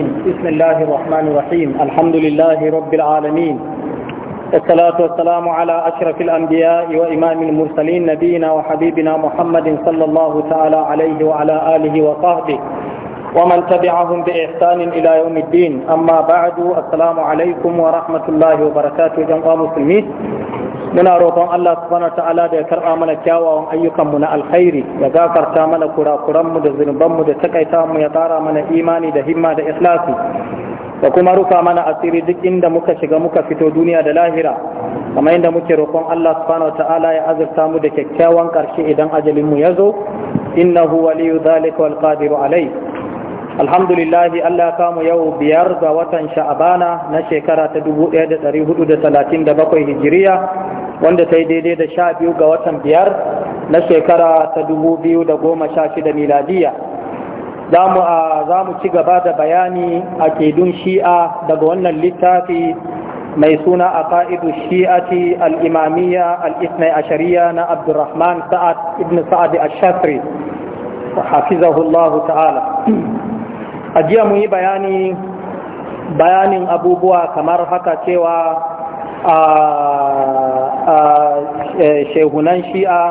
بسم الله الرحمن الرحيم الحمد لله رب العالمين الصلاة والسلام على أشرف الأنبياء وإمام المرسلين نبينا وحبيبنا محمد صلى الله تعالى عليه وعلى آله وصحبه ومن تبعهم بإحسان إلى يوم الدين أما بعد السلام عليكم ورحمة الله وبركاته جمع مسلمين muna roƙon Allah subhanahu wa ta'ala da ya karɓa mana kyawawan ayyukanmu na alkhairi ya gafarta mana kurakuranmu da zunubanmu da takaita mu ya ƙara mana imani da himma da ikhlasi da kuma rufa mana asiri duk inda muka shiga muka fito duniya da lahira kamar inda muke roƙon Allah subhanahu ta'ala ya azurta mu da kyakkyawan ƙarshe idan ajalin mu ya zo innahu waliyu zalika wal qadiru alai alhamdulillahi Allah kamu yau biyar ga watan sha'abana na shekara ta 1437 hijiriya wanda ta yi daidai da sha biyu ga watan biyar na shekara ta 2016 miladiya za mu ci gaba da bayani a kedun shi'a daga wannan littafi mai suna a fa'idu shi'ati al'imamiyya al'isnai a shari'a na abdurrahman sa'ad ibn sa'ad al-shafri hafizahullahu ta'ala a jiya mun yi bayani bayanin abubuwa kamar haka cewa a e, shehunan shi'a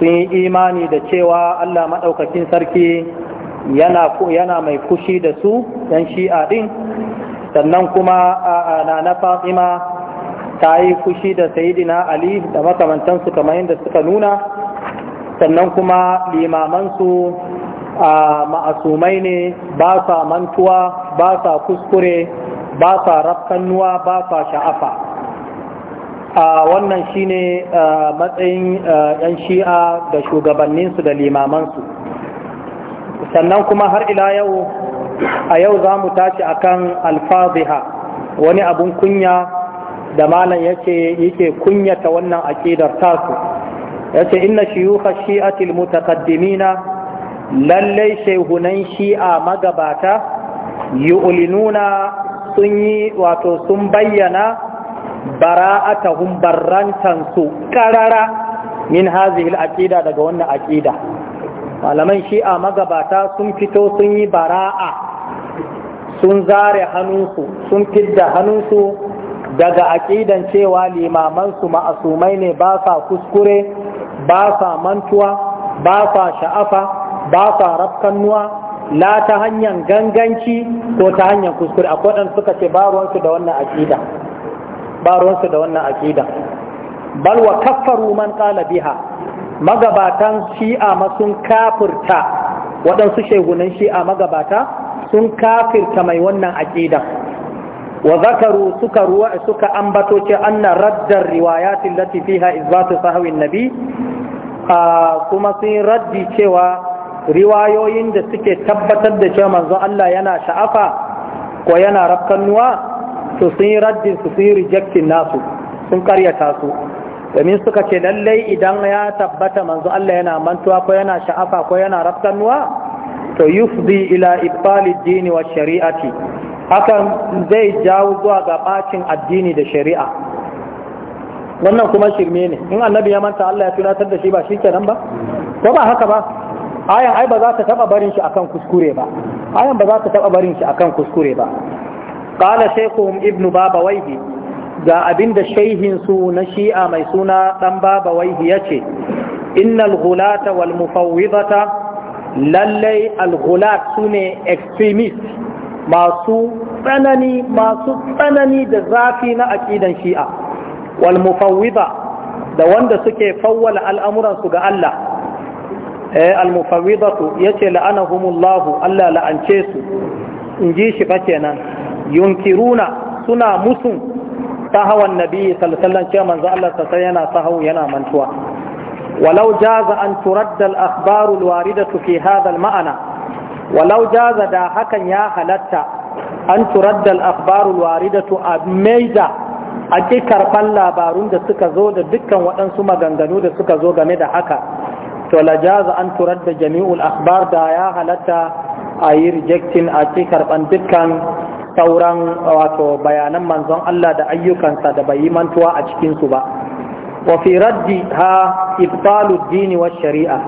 sun yi imani da cewa allah maɗaukakin sarki yana mai kushi da su yan shi'a ɗin sannan kuma na na fatima ta yi fushi da sayidina ali da makamantansu kamar yadda suka nuna sannan kuma limamansu a ma'asumai ne ba sa mantuwa ba sa kuskure ba sa rafkannuwa ba sa sha'afa wannan shi ne matsayin 'yan shi'a da shugabanninsu da limamansu sannan kuma har ila yau a yau za mu tashi akan alfaziha wani abun kunya da malam yake yake kunyata wannan aƙidar tasu yace inna shiyukha shi'atil mutaqaddimina lallai shehunan shi'a magabata yu'linuna sun yi wato sun bayyana bara'atahum barrantansu karara min hazihil aqida daga wannan aqida malaman shi'a magabata sun fito sun yi bara'a sun zare hannunsu sun fidda hannunsu daga aqidan cewa limamansu ma'asumai ne ba sa kuskure ba sa mantuwa ba sa sha'afa ba sa rafkannuwa la ta hanyar ganganci ko ta hanyar kuskure a kodan suka ce ba ruwansu da wannan aƙida ba ruwansu da wannan aƙida bal wa kaffaru man qala biha magabatan shi'a ma sun kafirta waɗansu shegunan shi'a magabata sun kafirta mai wannan aƙida wa zakaru suka ruwa suka ambato ce anna raddar riwayatin lati fiha izbatu sahawin nabi kuma sun raddi cewa riwayoyin da suke tabbatar da cewa manzon Allah yana sha'afa ko yana rafkannuwa to sun yi raddin su sun yi rejectin nasu sun karyata su domin suka ce lallai idan ya tabbata manzo Allah yana mantuwa ko yana sha'afa ko yana rafkannuwa to yufdi ila ibtali dini wa shari'ati hakan zai jawo zuwa ga bacin addini da shari'a wannan kuma shirme ne in annabi ya manta Allah ya tunatar da shi ba shikenan ba ko ba haka ba ayan ai ba za ta taba barin shi akan kuskure ba ayan ba za ta taba barin shi akan kuskure ba qala shaykhum ibnu baba waihi ga abinda shaihin su na shi'a mai suna dan baba waihi yace innal ghulata wal mufawwidata lallai al ghulat sune extremist masu tsanani masu tsanani da zafi na aqidan shi'a wal mufawwida da wanda suke fawwala al'amuransu ga Allah Eh, al-mufawwidatu yace la'anahumullahu Allah la'ance su in ji shi fa kenan yunkiruna suna musun sahawan nabi sallallahu alaihi wasallam manzo Allah sai yana sahau yana mantuwa walau jaza an turadda al-akhbar al-waridatu fi hadha al-ma'na walau jaza da hakan ya halatta an turadda al-akhbar al-waridatu a ake karban labarun da suka zo da dukkan waɗansu maganganu da suka zo game da haka to la jaza an turar da jami'ul akhbar da ya halatta a yi rejectin a ci karban dukkan sauran wato bayanan manzon Allah da ayyukansa da bai yi mantuwa a cikinsu ba wa fi raddi ha ibtalu dini wa shari'a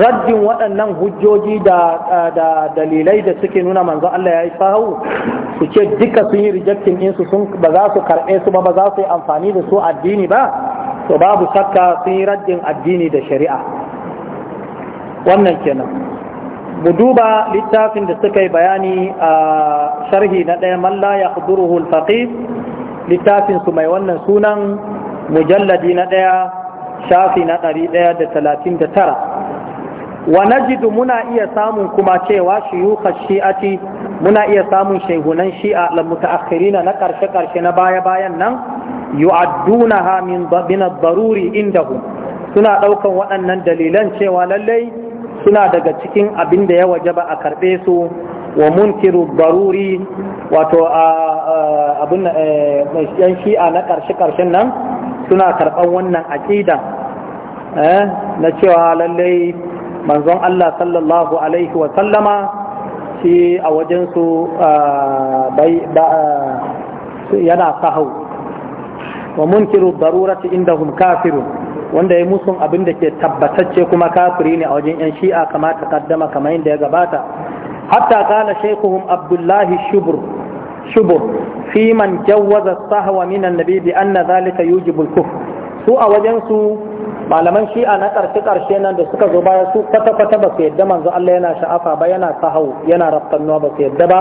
raddin waɗannan hujjoji da dalilai da suke nuna manzon Allah ya yi sahu su ce duka sun yi rejectin ɗinsu sun ba za su karɓe su ba ba za su yi amfani da su addini ba to babu shakka sun yi raddin addini da shari'a wannan kenan mu duba littafin da suka yi bayani a sharhi na ɗaya malla ya kuduruhu alfaqih littafin su mai wannan sunan mujalladi na ɗaya shafi na ɗari ɗaya da talatin da tara wa jidu muna iya samun kuma cewa shiyuka shi'ati muna iya samun shaihunan shi'a la mutaakhirina na karshe karshe na baya bayan nan yu'addunaha min min baruri inda hu suna ɗaukan waɗannan dalilan cewa lallai suna daga cikin abin da ya waje ba a karɓe su wa munkiru baruri wato abin eh, yan shi'a na karshe karshen nan suna karɓar wannan aƙida eh, na cewa lallai manzon Allah sallallahu alaihi wa shi a wajensu yana sahau wa munkiru inda indahum kafirun wanda ya musun abin da ke tabbatacce kuma kafiri ne a wajen yan shi'a kama ta kaddama kamar yadda ya gabata hatta kala shaikuhum abdullahi shubur Fiman, fi man jawwaza sahwa min annabi bi anna zalika yujibu al-kufr su a wajen su malaman shi'a na karshe karshe nan da suka zo baya su kwata kwata ba su yadda manzo Allah yana sha'afa ba yana sahau yana rafkannuwa ba su yadda ba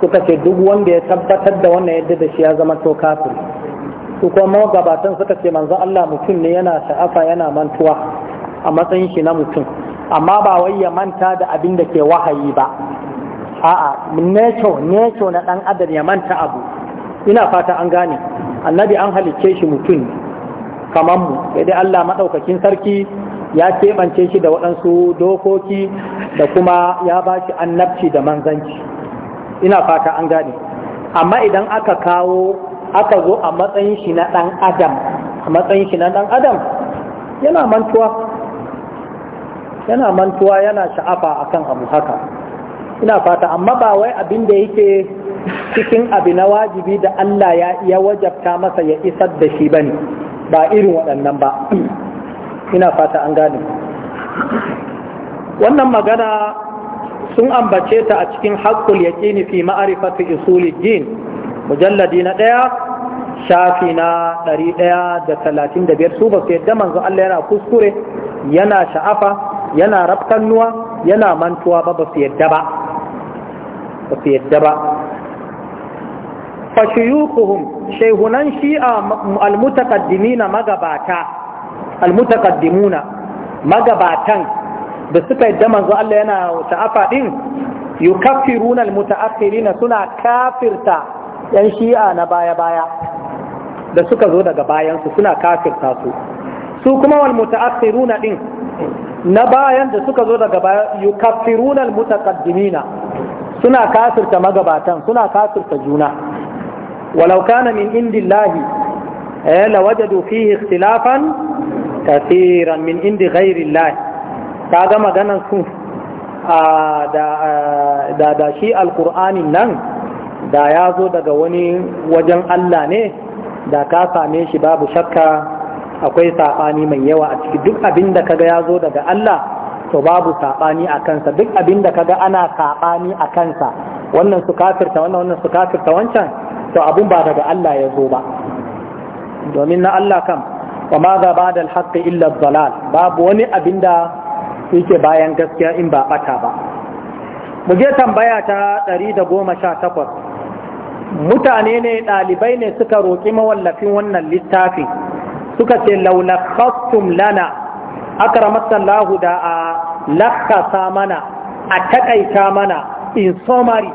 suka ce duk wanda ya tabbatar da wannan yadda da shi ya zama to kafiri su kuma gabatan suka ce manzon Allah mutum ne yana sha'afa yana mantuwa a matsayin shi na mutum amma ba wai ya manta da abin da ke wahayi ba a'a neco neco na dan adam ya manta abu ina fata an gane annabi an halicce shi mutum kaman mu sai dai Allah madaukakin sarki ya keɓance shi da waɗansu dokoki da kuma ya ba shi annabci da manzanci ina fata an gane amma idan aka kawo aka zo a matsayin shi na ɗan adam a matsayin shi na ɗan adam yana mantuwa yana mantuwa yana sha'afa akan abu haka ina fata amma ba wai abin da yake cikin abu na wajibi da Allah ya iya wajabta masa ya isar da shi bane ba irin waɗannan ba ina fata an gane wannan magana sun ambace ta a cikin haƙƙul yaƙini fi ma'arifatu usulid din mujalladi na ɗaya shafi na ɗari ɗaya da talatin da biyar su ba su yadda manzo Allah yana kuskure yana sha'afa yana rabtannuwa yana mantuwa ba ba su yadda ba ba su yadda ba fashiyukuhum shehunan shi'a almutaqaddimina magabata almutaqaddimuna magabatan da suka yadda manzo Allah yana sha'afa din yukaffiruna almutaakhirina suna kafirta yan shi'a na baya-baya da suka zo daga bayansu suna kafirta su su kuma wal mutaakhiruna din na bayan da suka zo daga baya yukaffiruna al mutaqaddimina suna kafirta magabatan suna kafirta juna walau kana min indillahi eh lawajadu fihi ikhtilafan kathiran min indi ghairi llahi kaga maganan su da da shi alqur'anin nan da ya zo daga wani wajen Allah ne da ka same shi babu shakka akwai saɓani mai yawa a ciki duk abin da kaga ya zo daga Allah to babu saɓani a kansa duk abin da kaga ana saɓani a kansa wannan su kafirta wannan wannan su kafirta wancan to abun ba daga Allah ya zo ba domin na Allah kam wa ma za ba da alhaƙi illa zalal babu wani abin da yake bayan gaskiya in ba ɓata ba mu je tambaya ta ɗari da goma sha takwas mutane ne ɗalibai ne suka roƙi mawallafin wannan littafin suka ce laulakhastum lana akramatallahu da a lakkasa mana a taƙaita mana in summary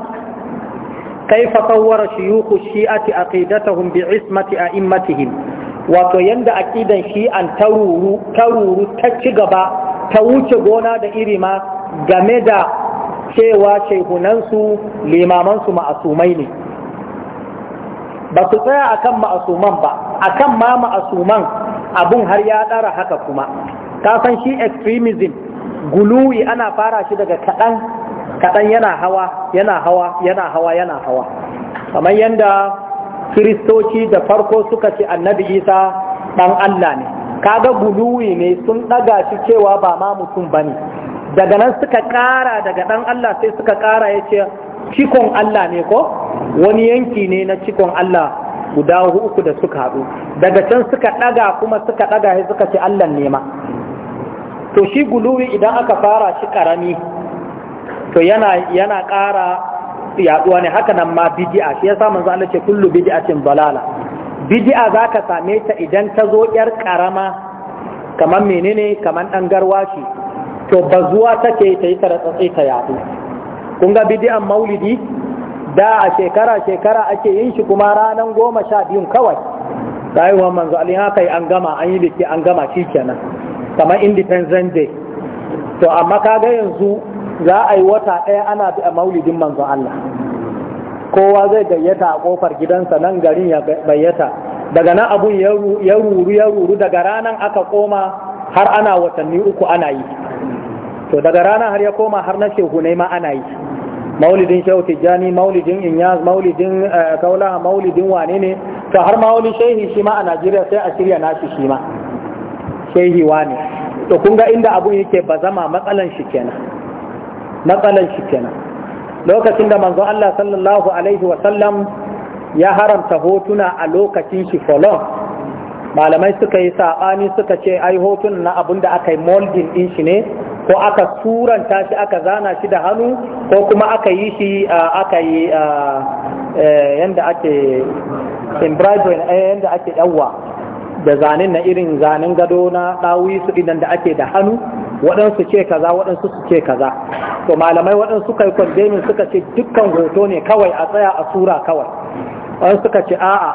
kaifa tsawara shiyuku shi'ati aqidatahum bi ismati a'immatihim wato yadda aƙidan shi'an taruru taruru ta ci gaba ta wuce gona da iri ma game da cewa shehunansu limamansu ma'asumai ne ba su tsaya kan ma'asuman ba akan ma ma'asuman abun har ya ɗara haka kuma ka san shi extremism guluwi ana fara shi daga kaɗan kaɗan yana hawa yana hawa yana hawa yana hawa kamar yadda kiristoci da farko suka ce annabi isa ɗan allah ne kaga guluwi ne sun ɗaga shi cewa ba ma mutum ba ne daga nan suka ƙara daga ɗan allah sai suka ƙara ya ce cikon Allah ne ko wani yanki ne na cikon Allah guda uku da suka haɗu daga can suka ɗaga kuma suka ɗaga ya suka ce Allah nema to shi guluwi idan aka fara shi ƙarami to yana ƙara yaɗuwa ne haka nan ma bidi'a shi sa manzo Allah ce kullu bidi'atin balala bidi'a zaka same ta idan ta zo yar ƙarama kamar menene kamar ɗan garwashi to bazuwa take ta yi ta ta yaɗu kun ga bidi'an maulidi da a shekara-shekara ake yin shi kuma ranar goma sha biyu kawai rayuwar manzo alin haka yi an gama an yi biki an gama shi kenan kamar independent day to amma kaga yanzu za a yi wata ɗaya ana bi a maulidin manzo Allah kowa zai gayyata a kofar gidansa nan garin ya gayyata daga nan abun ya ruru ya ruru daga ranar aka koma har ana watanni uku ana yi to daga ranar har ya koma har na shehu ne ma ana yi maulidin shehu tijjani maulidin inyas maulidin eh, kaula maulidin wane ne to har maulidin shehi shi ma a najeriya sai a shirya nashi shi ma shehi wane to kun ga inda abun yake bazama matsalan shi kenan matsalan shi kenan lokacin da manzo Allah sallallahu alaihi wa sallam ya haramta hotuna a lokacin shi folon malamai suka yi saɓani suka ce ai hotuna na abun da aka yi molding din shi ne ko aka suranta shi aka zana shi da hannu ko kuma aka yi shi aka yi eh, yadda ake embroidery eh, yadda ake yawa da zanen na irin zanen gado na ɗawi su idan da ake da hannu waɗansu ce kaza waɗansu su ce kaza to malamai waɗansu kai kwandemin suka ce dukkan hoto ne kawai a tsaya a sura kawai waɗansu suka ce a'a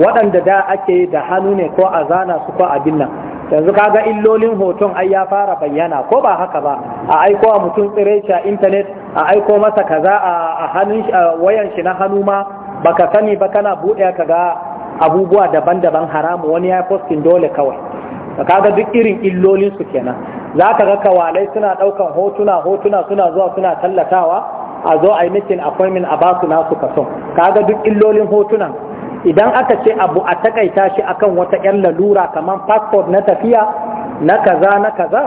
waɗanda da ake da hannu ne ko a zana su ko abin nan yanzu kaga illolin hoton ai ya fara bayyana ko ba haka ba a aiko a mutum tsiraici a intanet a aiko masa kaza a hannun wayan shi na hannu ma baka sani ba kana buɗe ka ga abubuwa daban-daban haramu wani ya postin dole kawai kaga duk irin illolin su kenan za ka ga kawalai suna ɗaukan hotuna hotuna suna zuwa suna tallatawa a zo a yi mikin min a basu nasu kaso kaga duk illolin hotunan idan aka ce abu a takaita shi akan wata 'yan lalura kamar passport na tafiya na kaza na kaza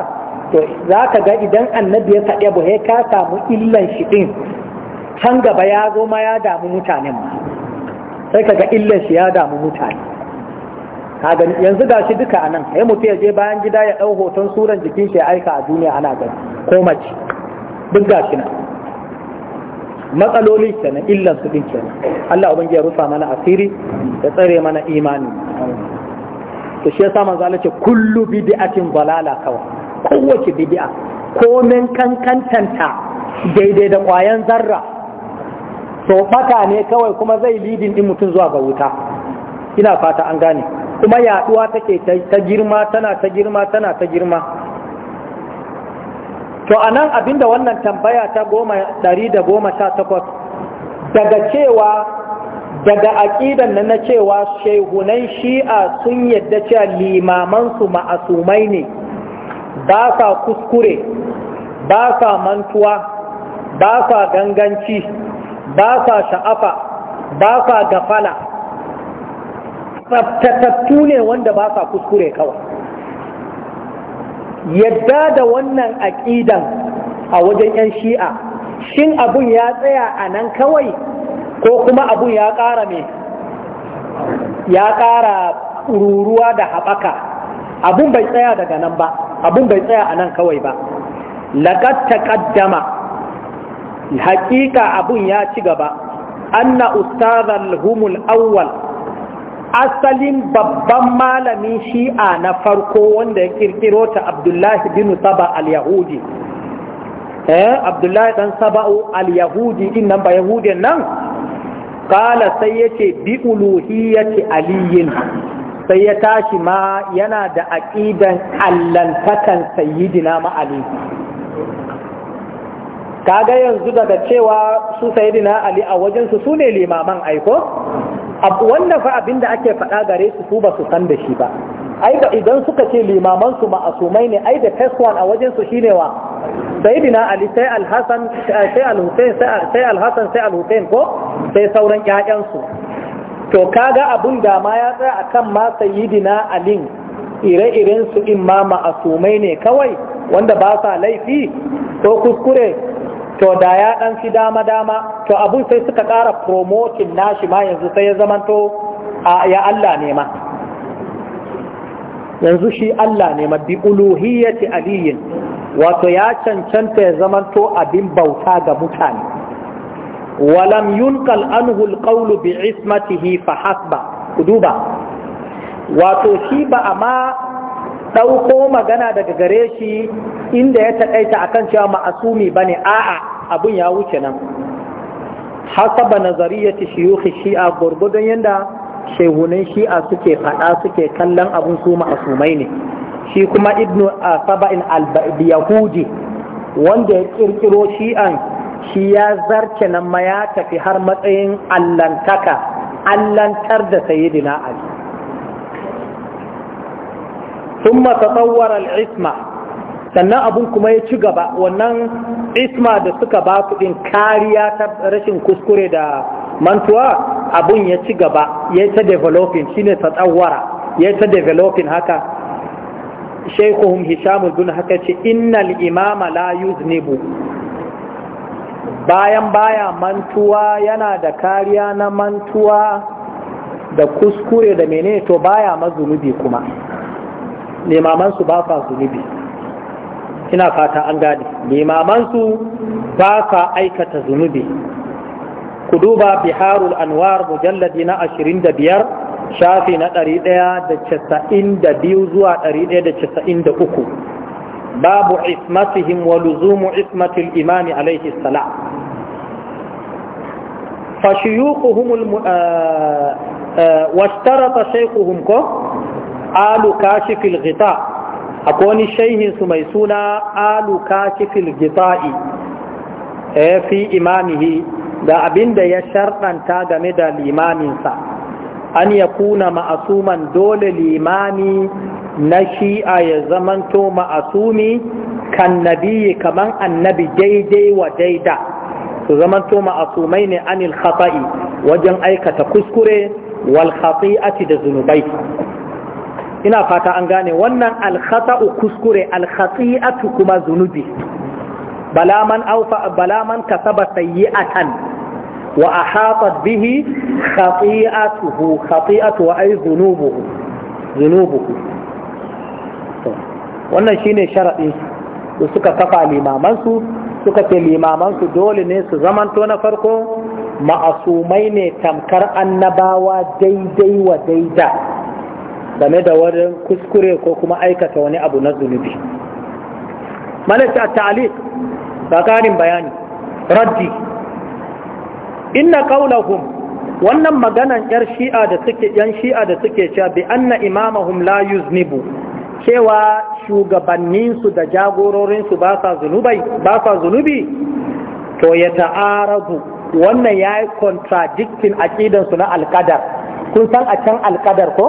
to za ka ga idan annabi ya faɗi abu ya ka samu illan shi ɗin can gaba ya zo ma ya damu mutanen ma sai ka ga illan shi ya damu mutane yanzu ga shi duka anan sai mutu ya je bayan gida ya ɗau hoton suran jikin shi ya aika a duniya ana gani ko mace duk ga shi nan matsaloli kenan illan su din kenan Allah ya rufa mana asiri ya tsare mana imani to shi yasa manzo Allah ce kullu bid'atin dalala kawa kowace bid'a komen kankantanta daidai da kwayan zarra to ne kawai kuma zai lidin din mutum zuwa ga wuta ina fata an gane kuma yaɗuwa take ta girma tana ta girma tana ta girma to a nan abinda wannan tambaya ta goma ɗari da goma sha takwas daga cewa daga aƙidan na cewa shehunan shi'a sun yadda cewa limamansu ma'asumai ne ba sa kuskure ba sa mantuwa ba sa ganganci ba sa sha'afa ba sa gafala tattattu ne wanda ba sa kuskure kawai yadda da wannan aƙidan a wajen 'yan shi'a shin abun ya tsaya a nan kawai ko kuma abun ya ƙara me ya ƙara ruruwa da haɓaka abun bai tsaya daga nan ba abun bai tsaya a nan kawai ba laƙar ƙaddama, haƙiƙa abun ya ci gaba anna ustazal humul awwal asalin babban malamin shi'a na farko wanda ya kirkiro ta abdullahi bin saba al-yahudi eh abdullahi dan saba al-yahudi din nan ba yahudin nan kala sai yace bi uluhiyati aliyin sai ya tashi ma yana da aqidan allantakan sayyidina ma ali kaga yanzu daga cewa su sayyidina ali a wajen su sune limaman aiko wannan fa abin da ake faɗa gare su su ba su san da shi ba ai da idan suka ce limaman su ma'asumai ne ai da test a wajen su shine wa sayyidina ali sai al eh, sai al sai al sai al ko sai sauran ƴaƴan su to kaga abun da ma ya tsaya akan ma sayyidina ali ire-iren su imma ma'asumai ne kawai wanda ba sa laifi ko kuskure to da ya ɗan fi dama-dama to abun sai suka ƙara promotin nashi ma yanzu sai ya zamanto a ya Allah ne ma yanzu shi Allah ne ma bi uluhiyyati aliyin wato ya cancanta ya zamanto abin bauta ga mutane walam yunqal anhu alqawlu bi ismatihi fa hasba wato shi ba amma ɗauko magana daga gare shi inda ya taƙaita kan cewa ma'asumi ba ne a'a abin ya wuce nan hasaba yuki shiyukhi shi'a gurgudun yanda shehunan shi'a suke faɗa suke kallon abun su ma'asumai ne shi kuma ibnu saba'in al-yahudi wanda ya kirkiro shi'an shi ya zarce nan ma ya tafi har matsayin allantaka allantar da sayyidina ali thumma tatawwara al-isma sannan abun kuma ya ci gaba wannan isma da suka ba su din kariya ta rashin kuskure da mantuwa abun ya ci gaba ya ta developing shine tatawwara ya ta developing haka shaykhuhum hisham haka ce innal imama la yuznibu bayan baya mantuwa yana da kariya na mantuwa da kuskure da menene to baya mazunubi kuma limamansu ba sa zunubi ina fata an gane limamansu ba sa aikata zunubi ku duba biharul anwar mujalladi na ashirin da biyar shafi na ɗari ɗaya da casa'in da biyu zuwa ɗari ɗaya da casa'in da uku babu ismatihim wa luzumu ismatil imami alaihi salam fashiyukuhum eh, eh, washtarata shaikuhum ko alu kashifil ghita akwai wani shaihin su mai suna alu kashifil ghita'i eh fi imamihi da abinda ya sharɗanta game da limaminsa an ya kuna ma'asuman dole limami na shi'a ya zamanto ma'asumi kan nabiyi kaman annabi daidai wa daida su zamanto ma'asumai ne anil khata'i wajen aikata kuskure wal khati'ati da zunubai ina fata an gane wannan alkhata'u kuskure alkhati'atu kuma zunubi bala man aufa bala man kasaba sayyi'atan wa ahatat bihi khati'atuhu khati'atu wa ay zunubuhu zunubuhu wannan shine sharadi da suka kafa limaman su suka ce limaman su dole ne su zamanto na farko ma'asumai ne tamkar annabawa daidai wa daida game da wani kuskure ko kuma aikata wani abu na zunubi malaka ba tsakanin bayani raddi inna qaulahum wannan maganan yar shi'a da yan shi'a da suke cewa bi anna imamahum la yuznibu cewa shugabanninsu da jagororinsu ba sa zunubai ba zunubi to ya ta'arabu wannan ya yi contradicting aqidansu na alƙadar. kun san a can alƙadar ko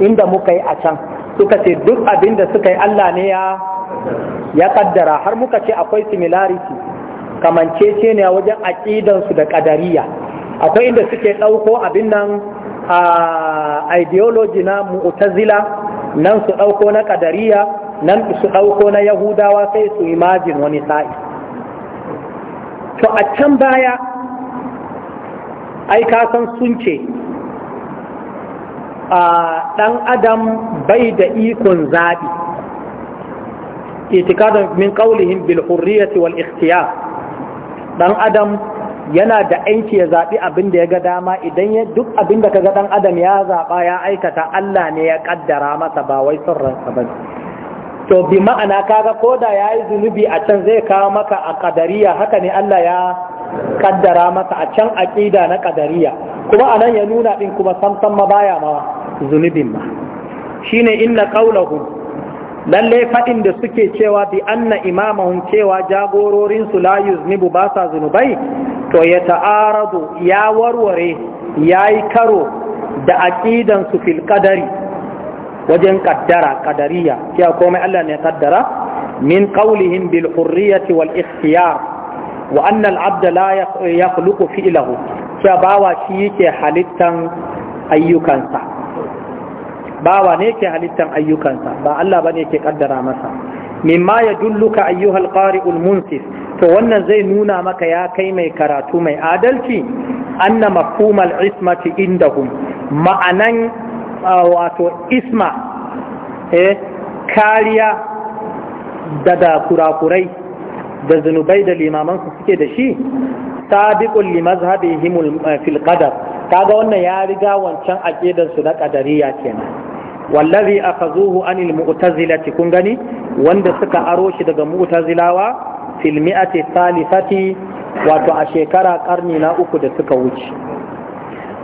inda muka yi a can suka ce duk abin da suka yi Allah ne ya ya kaddara har muka ce akwai similarity kamancece ne wajen aƙidansu da ƙadariya akwai inda suke ɗauko abin nan a ideology na mu'tazila nan su ɗauko na ƙadariya nan su ɗauko na yahudawa sai su majin wani sa'i to a can baya ai ka san sun ce dan adam bai da ikon zaɓi itikadun min qawlihim bil hurriyati wal ikhtiyar dan adam yana da aiki ya zaɓi abin da ya ga dama idan ya duk abin da ga dan adam ya zaɓa ya aikata Allah ne ya kaddara masa ba wai son ransa ba to bi ma'ana kaga ko koda yayi zunubi a can zai kawo maka a kadariya haka ne Allah ya kaddara masa a can aƙida na ƙadariya kuma anan ya nuna ɗin kuma samsan ma baya ma zunubin ma shine inna qawlahum lalle faɗin da suke cewa bi anna imamahun cewa jagororinsu la yuznibu ba sa zunubai to ya ta'aradu ya warware ya yi karo da aƙidansu fil ƙadari wajen ƙaddara ƙadariya cewa komai Allah ne ƙaddara min ƙaulihin bil hurriyati wal ikhtiyar wa annal abda la yakhluqu fi'lahu cewa bawa shi yake halittan ayyukansa bawa ne yake halittan ayyukansa ba Allah bane yake kaddara masa mimma yadulluka ayyuhal qari'ul munsif to wannan zai nuna maka ya kai mai karatu mai adalci anna mafhumal ismati indahum ma'anan wato isma eh kariya daga kurakurai da zunubai da limamansu suke da shi sabiqul li mazhabihim eh, fil qadar kaga wannan ya riga wancan aqidar su na qadariya kenan wallazi akhazuhu anil mu'tazilati kun gani wanda suka aro shi daga mu'tazilawa fil mi'ati thalithati wato a shekara karni na uku da suka wuce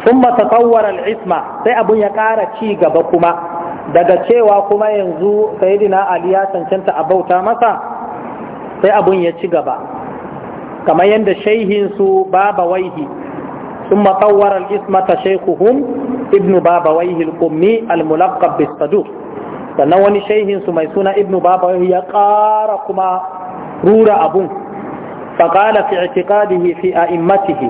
thumma tatawwara al isma sai abun ya kara ci gaba kuma daga cewa kuma yanzu sayyidina ali ya cancanta a bauta masa sai abun ya ci gaba kamar yadda shaihinsu baba waihi ثم طور Ibnu Baba Waihi بابويه al الملقب بالصدوق sannan wani shaihinsu mai suna ibnu baba ya ƙara kuma rura abun faƙala fi itiqadihi fi a'immatihi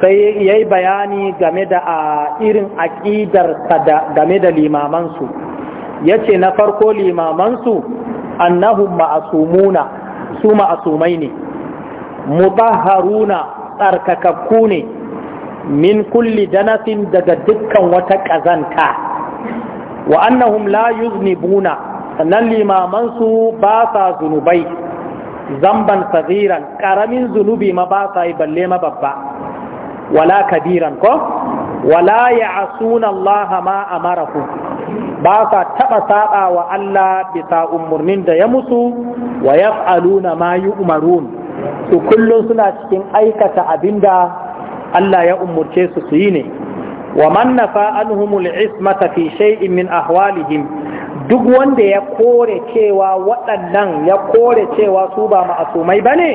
sai yayi bayani game da a irin aƙidarsa game da limamansu yace na farko limamansu annahum ma'asumuna su ma'asumai ne mutahharuna tsarkakakku ne min kulli danasin daga dukkan wata ƙazanta wa annahum la yuznibuna sannan limaman su ba sa zunubai zamban saziran ƙaramin zunubi ma ba sa yi balle ma babba wala kabiran ko wala asuna Allah ma amarahu ba sa taɓa saɓa wa Allah bisa umarnin da ya musu wa Aluna ma yu'marun su kullum suna cikin aikata abinda Allah ya umarce su su yi ne wa man nafa anhumul ismata fi shay'in min ahwalihim duk wanda ya kore cewa waɗannan ya kore cewa su ba ma'asumai bane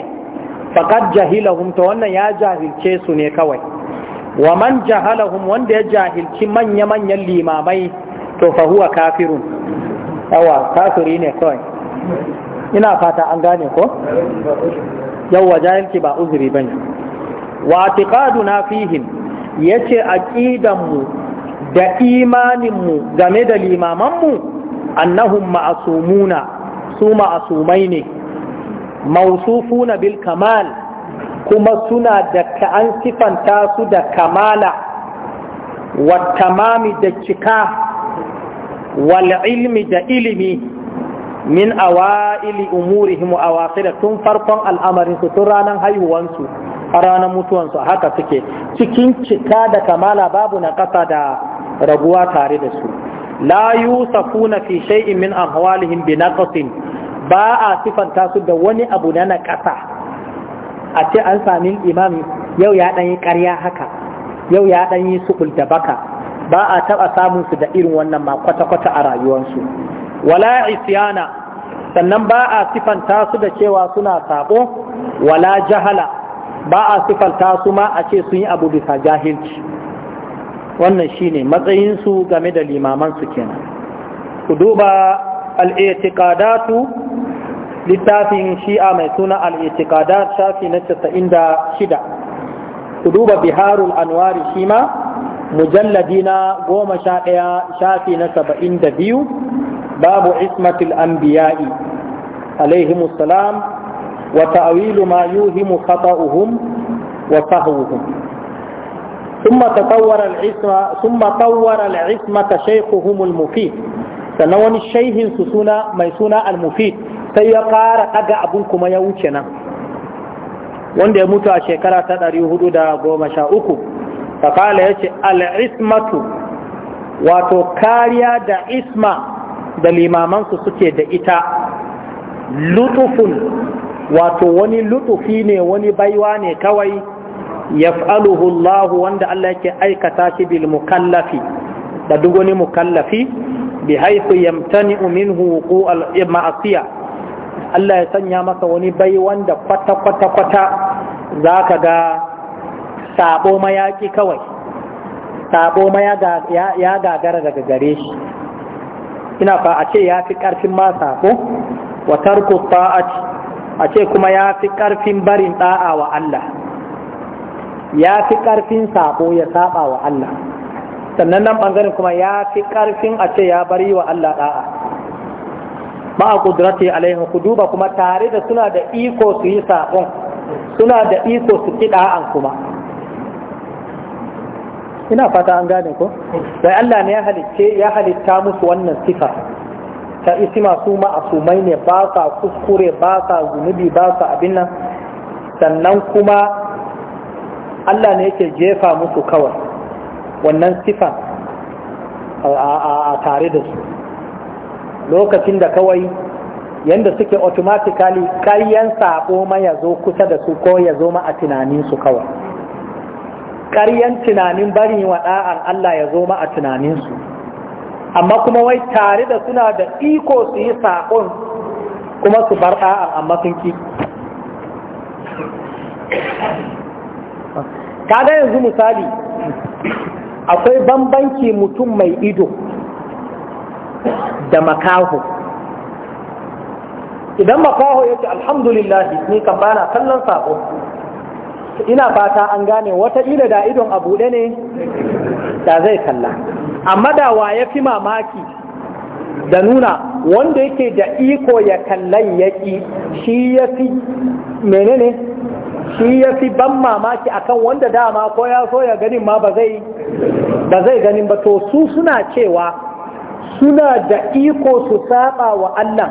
faqad jahilahum to wannan ya jahilce su ne kawai wa man jahalahum wanda ya jahilci manya-manyan limamai to fa huwa kafirun yawa kafiri ne kawai ina fata an gane ko yawa jahilci ba uzuri bane wa atiqaduna fihim yace aqidan mu da imanin mu game da limaman mu annahum ma'asumuna su ma'asumai ne mausufuna bil kamal kuma suna da an sifanta su da kamala wa tamami da cika wal ilmi da ilimi min awa'ili umurihim wa awakhir tun farkon al'amarin tun ranar haihuwansu a ranar mutuwansu haka suke cikin cita da kamala babu na kasa da raguwa tare da su la yusafuna fi shay'in min ahwalihim bi naqsin ba a sifanta su da wani abu na naƙasa a ce an sami imam yau ya ɗanyi ƙarya haka yau ya ɗanyi sukul da baka ba a taɓa samun su da irin wannan ma kwata-kwata a rayuwarsu wala isyana sannan ba a sifanta su da cewa suna sabo wala jahala ba a sifanta su ma a ce sun yi abu bisa jahilci wannan shine matsayinsu game da su kenan ku duba al'itiqadatu littafin shi'a mai suna al'itiqadat shafi na 96 ku duba biharul anwari shima mujalladi na goma sha ɗaya shafi na saba'in da biyu babu ismatul anbiya'i alaihimu salam wa ta'awilu ma yuhimu khata'uhum wa sahwuhum ثم تطور العصمة ثم طور العصمة شيخهم المفيد سنوان الشيخ سسونا ميسونا المفيد سيقار أجا أبنكم يوشنا وان دي موتوا شكرا تدري هدو دا قوم شاء أكو faƙala ya ce al'ismatu wato kariya da isma da limamansu suke da ita lutufun wato wani lutufi ne wani baiwa ne kawai yaf'aluhu Allah wanda Allah yake aikata shi bil mukallafi da duk wani mukallafi bi haythu yamtani'u minhu wuqu' al Allah ya sanya masa wani baiwa da kwata kwata kwata zaka ga sabo ma kawai sabo ma ya gagara daga gare shi ina fa a ce ya fi karfin ma sabo wa tarku ta'ati a ce kuma ya fi karfin barin da'a wa Allah ya fi karfin sabo ya saba wa Allah sannan nan bangaren kuma ya fi karfin a ce ya bari wa Allah da'a ma'a kudrati alaihim ku duba kuma tare da suna da iko su yi sabon suna da iko su ki da'an kuma ina fata an gane ko sai Allah ne ya halicce ya halitta musu wannan sifa ta isma su asumai ne ba sa kuskure ba sa zunubi ba sa abin nan sannan kuma Allah ne yake jefa musu kawai wannan sifa a tare da su lokacin da kawai yanda suke automatically yan sabo ma ya zo kusa da su ko ya zo ma a tunaninsu kawai ƙaryan tunanin bari wa ɗa'an Allah ya zo ma a tunaninsu amma kuma wai tare da suna da iko su yi saƙon kuma su bar ɗa'an amma sun ki kaga yanzu misali akwai bambanci mutum mai ido da makaho idan makaho ya ce alhamdulillah ni kan bana kallon saƙon ina fata an gane wataƙila da idon a buɗe ne da zai kalla amma da wa ya fi mamaki da nuna wanda yake da iko ya kallan yaƙi shi ya fi menene shi ya fi ban mamaki akan wanda dama ko ya so ya ganin ma ba zai ganin ba to su suna cewa suna da iko su saba wa Allah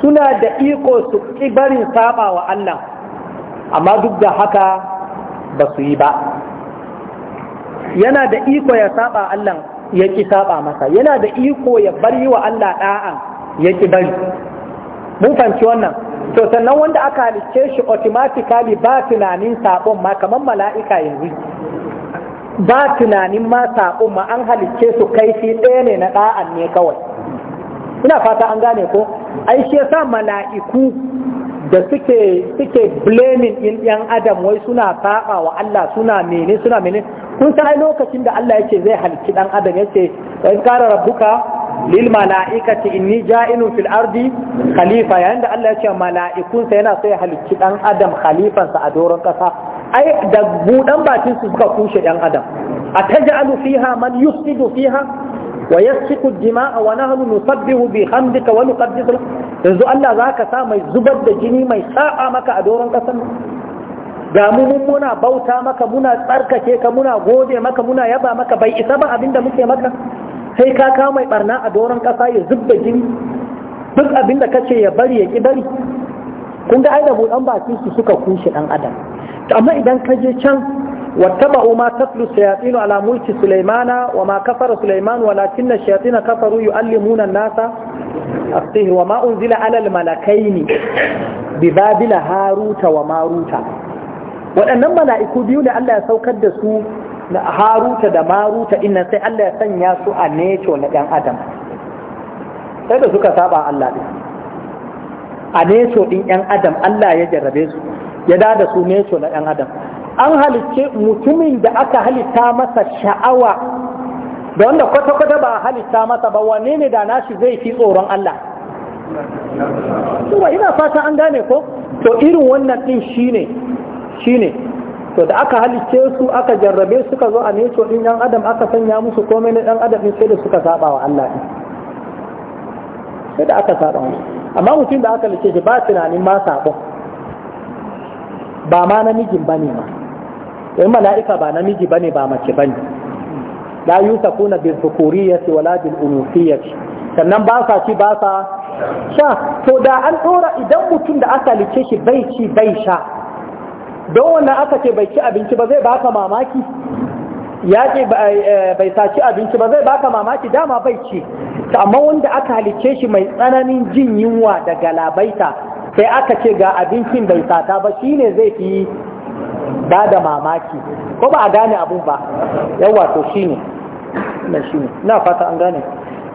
suna da iko su ƙibarin saba wa Allah amma duk da haka ba su yi ba yana da iko ya saba Allah ya ki saba masa yana da iko ya bar yi wa Allah ɗa'a ya ki bari mun fanci wannan to sannan wanda aka halicce shi automatically ba tunanin sabon ma kamar mala'ika yanzu ba tunanin ma sabon ma an halicce su kaifi ɗaya ne na ɗa'an ne kawai ina fata an gane ko ai shi yasa mala'iku da suke suke blaming in yan adam wai suna faɗa wa Allah suna mene suna mene kun san ai lokacin da Allah yake zai halki dan adam yace in kara rabbuka lil malaikati inni ja'ilun fil ardi khalifa yayin da Allah yace mala'ikun sa yana so ya halki dan adam khalifan sa a doron kasa ai da budan bakin su suka kushe dan adam atajalu fiha man yufsidu fiha wa ويسفك الدماء ونحن نسبه بحمدك wa nuqaddisu yanzu Allah za ka sa mai zubar da jini mai sa'a maka a doron ƙasar ga mu muna bauta maka muna tsarkake ka muna gode maka muna yaba maka bai isa ba abinda muke maka sai ka kawo mai barna a doron ƙasa ya zub da jini duk abinda ka ce ya bari ya ki bari kun ga ai da budan baki su suka kushe ɗan adam amma idan ka je can واتبعوا ما تتلو الشياطين على ملك سليمان وما كفر سليمان ولكن الشياطين كفروا يعلمون الناس السحر وما أنزل على الملكين ببابل هاروت وماروت waɗannan mala'iku biyu ne Allah ya saukar da su na haruta da maruta inna sai Allah ya sanya su a neco na ɗan adam sai da suka saba Allah ɗin a neco ɗin ‘yan adam Allah ya jarrabe su ya da su neco na ‘yan adam an halicce mutumin da aka halitta masa sha'awa da wanda kwata-kwata ba a halitta masa ba wane ne da nashi zai fi tsoron Allah kuma ina fata an gane ko to irin wannan din shine shine to da aka halicce su aka jarrabe suka zo a neco din yan adam aka sanya musu komai na dan adam sai da suka saba wa Allah din sai da aka saba amma mutum da aka halicce shi ba tunanin ma sabo ba ma namijin bane ma in mala'ika ba namiji bane ba mace bane la yusakuna bil ce wala bil ce sannan ba sa ci ba sa sha to da an tsora idan mutum da aka lice shi bai ci bai sha don wannan aka ce bai ci abinci ba zai baka mamaki ya ce eh, eh, bai saci abinci ba zai baka mamaki dama bai ci amma wanda aka halicce shi mai tsananin jin yunwa daga labaita sai aka ce ga abincin bai sata ba shine zai fi ba da mamaki ko ba a gane abun ba wato shi ne na ne. na fata an gane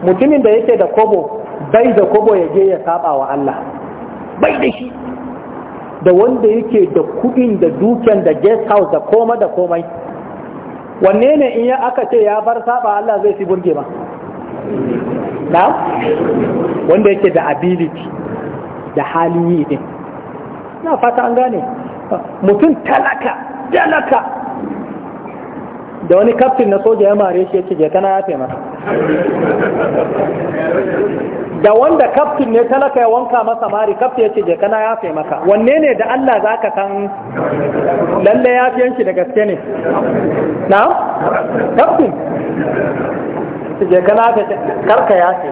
mutumin da yake da kobo bai da kobo ya je ya saba wa Allah bai da shi da wanda yake da kudin da duken da guest house da koma da komai wanne ne in ya aka ce ya bar saba Allah zai fi burge ba na wanda yake da ability da halin yi din na fata an gane mutum talaka talaka da wani kaftin na soja ya mare shi ya ce je kana yafe masa da wanda kaftin ne talaka ya wanka masa mari kaftin ya ce je kana yafe maka wanne ne da Allah za ka san lalle yafiyan shi da gaske ne na kaftin je kana yafe karka yafe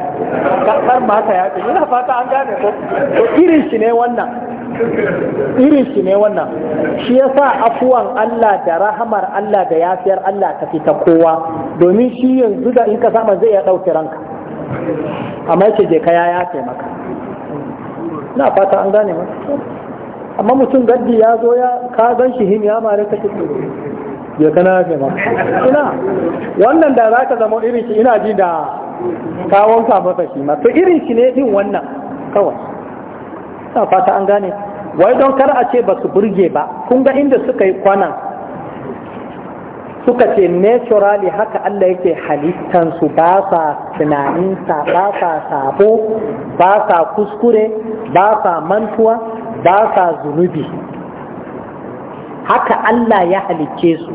karkar mata yafe ina fata an gane ko irin shi ne wannan irin shi ne wannan shi yasa afuwan Allah da rahamar Allah da yafiyar Allah ta fita kowa domin shi yanzu da in ka sama zai ya ɗauki ranka amma yake je ka yaya ce maka na fata an gane ma amma mutum gaddi ya zo ya ka gan shi him ya mare ka ce ya kana ce maka ina wannan da za ka zama irin shi ina ji da kawon ka masa shi ma to irin shi ne din wannan kawai ina fata an gane wai don kar a ce ba su burge ba kun ga inda suka yi kwana suka ce naturally haka Allah yake halittansu ba sa tunanin sa ba sa sabo ba sa kuskure ba sa mantuwa ba sa zunubi haka Allah ya halicce su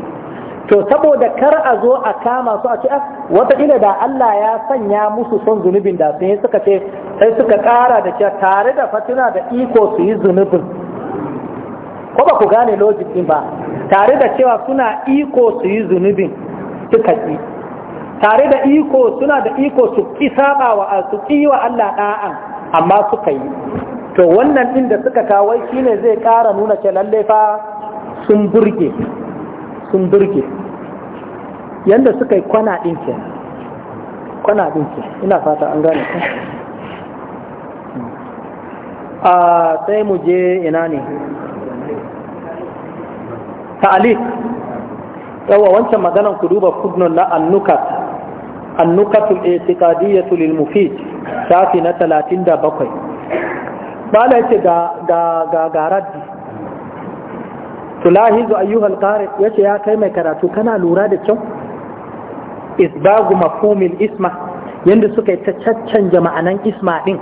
to saboda kar a zo a kama su a ce ah, wataƙila da Allah ya sanya musu son zunubin da sun yi suka ce sai suka ƙara da cewa tare da fatuna da iko su yi zunubin ko ba ku gane logic din ba tare da cewa suna iko su yi zunubin suka ƙi tare da iko suna da iko su ƙi saba wa su ƙi wa Allah ɗa'an amma suka yi to wannan inda suka kawai shine zai ƙara nuna ce lalle fa sun burge sun burge yadda suka yi kwana ɗin ke kwana ɗin ke ina fata an gane ku a sai mu je ina ne ta'alif yawa wancan maganan ku duba kudnon na annukat annukatul itiqadiyyatu lil mufid shafi na 37 bala yace ga ga ga raddi tulahizu ayyuhal qari yace ya kai mai karatu kana lura da kyau isbagu mafhumil isma yanda suka yi ta caccanja ma'anan isma din